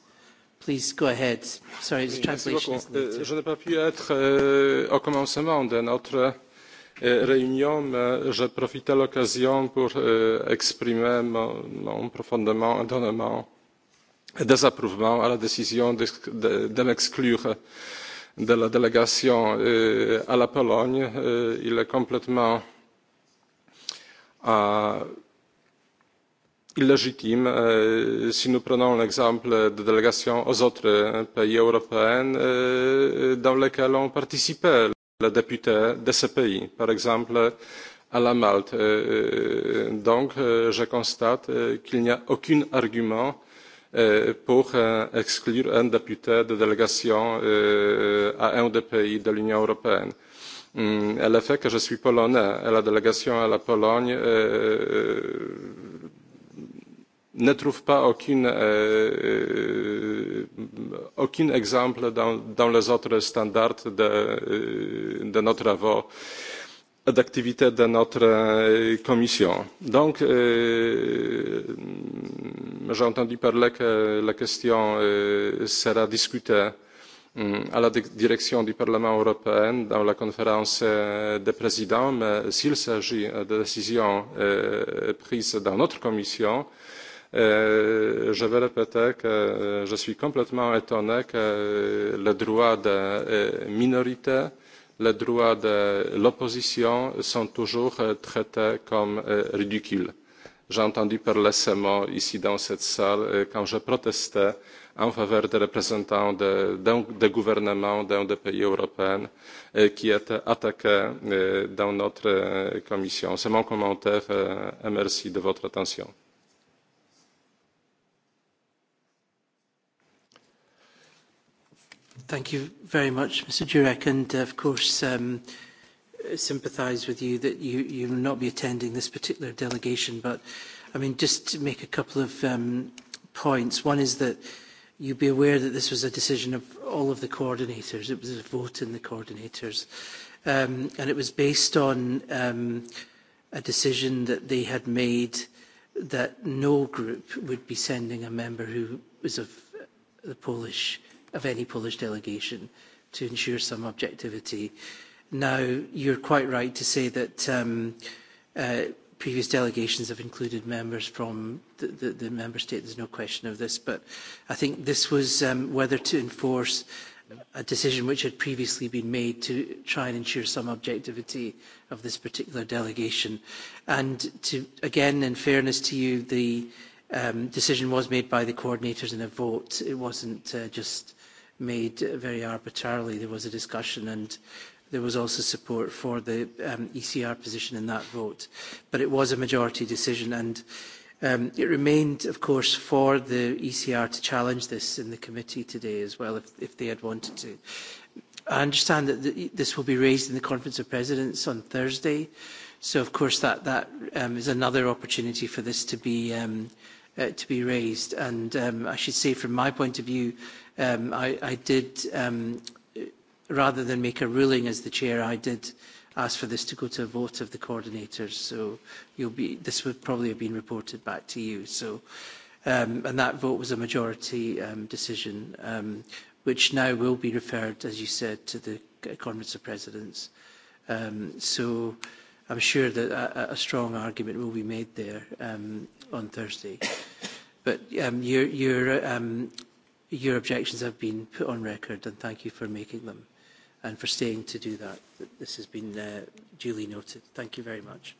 Please go ahead. Sorry, it's oui, translation. Euh, je n'ai pas pu être euh, au commencement d'un autre réunion mais je profite à l'occasion pour euh, exprimer mon, mon profondément étonnement et désapprouvement à la décision de, de, de m'exclure de la délégation euh, à la Pologne. Euh, il est complètement illégitime. Si nous prenons l'exemple de délégations aux autres pays européens dans lesquels on participait, le député de ce pays, par exemple à la Malte. Euh, euh, donc, euh, je constate qu'il n'y a aucun argument pour exclure un député de délégation à un des pays de l'Union européenne. Et le fait que je suis polonais et la délégation à la Pologne ne trouve pas aucune, euh, euh aucun exemple dans, dans les autres standards de, euh, de nos travaux d'activité de notre euh, commission. Donc, euh, j'ai entendu parler que la question euh, sera discutée euh, à la direction du Parlement européen dans la conférence euh, des présidents, mais s'il s'agit de décisions euh, prises dans notre commission, euh, Euh, je vais répéter que euh, je suis complètement étonné que euh, le droit de minorité, le droit de l'opposition sont toujours traités comme ridicules. J'ai entendu parler ces mots ici dans cette salle quand je protestais en faveur des représentants de, de, de gouvernements d'un des pays européens qui étaient attaqués dans notre commission. C'est mon commentaire et merci de votre attention. Thank you very much, Mr. Jurek. And uh, of course, um, sympathize with you that you, you will not be attending this particular delegation. But I mean, just to make a couple of um, points. One is that you'd be aware that this was a decision of all of the coordinators. It was a vote in the coordinators. Um, and it was based on um, a decision that they had made that no group would be sending a member who was of the Polish uh, of any Polish delegation to ensure some objectivity. Now, you're quite right to say that um, uh, previous delegations have included members from the, the, the member state. There's no question of this, but I think this was um, whether to enforce a decision which had previously been made to try and ensure some objectivity of this particular delegation. And to, again, in fairness to you, the um, decision was made by the coordinators in a vote. It wasn't uh, just uh, made very arbitrarily. There was a discussion and there was also support for the um, ECR position in that vote. But it was a majority decision and um, it remained, of course, for the ECR to challenge this in the committee today as well, if, if they had wanted to. I understand that the, this will be raised in the Conference of Presidents on Thursday. So, of course, that, that um, is another opportunity for this to be, um, uh, to be raised. And um, I should say, from my point of view, um, I, I did, um, rather than make a ruling as the chair, I did ask for this to go to a vote of the coordinators. So you'll be, this would probably have been reported back to you. So, um, and that vote was a majority um, decision, um, which now will be referred, as you said, to the Conference of Presidents. Um, so I'm sure that a, a strong argument will be made there um, on Thursday. But um, you're, you're um, your objections have been put on record and thank you for making them and for staying to do that. This has been uh, duly noted. Thank you very much.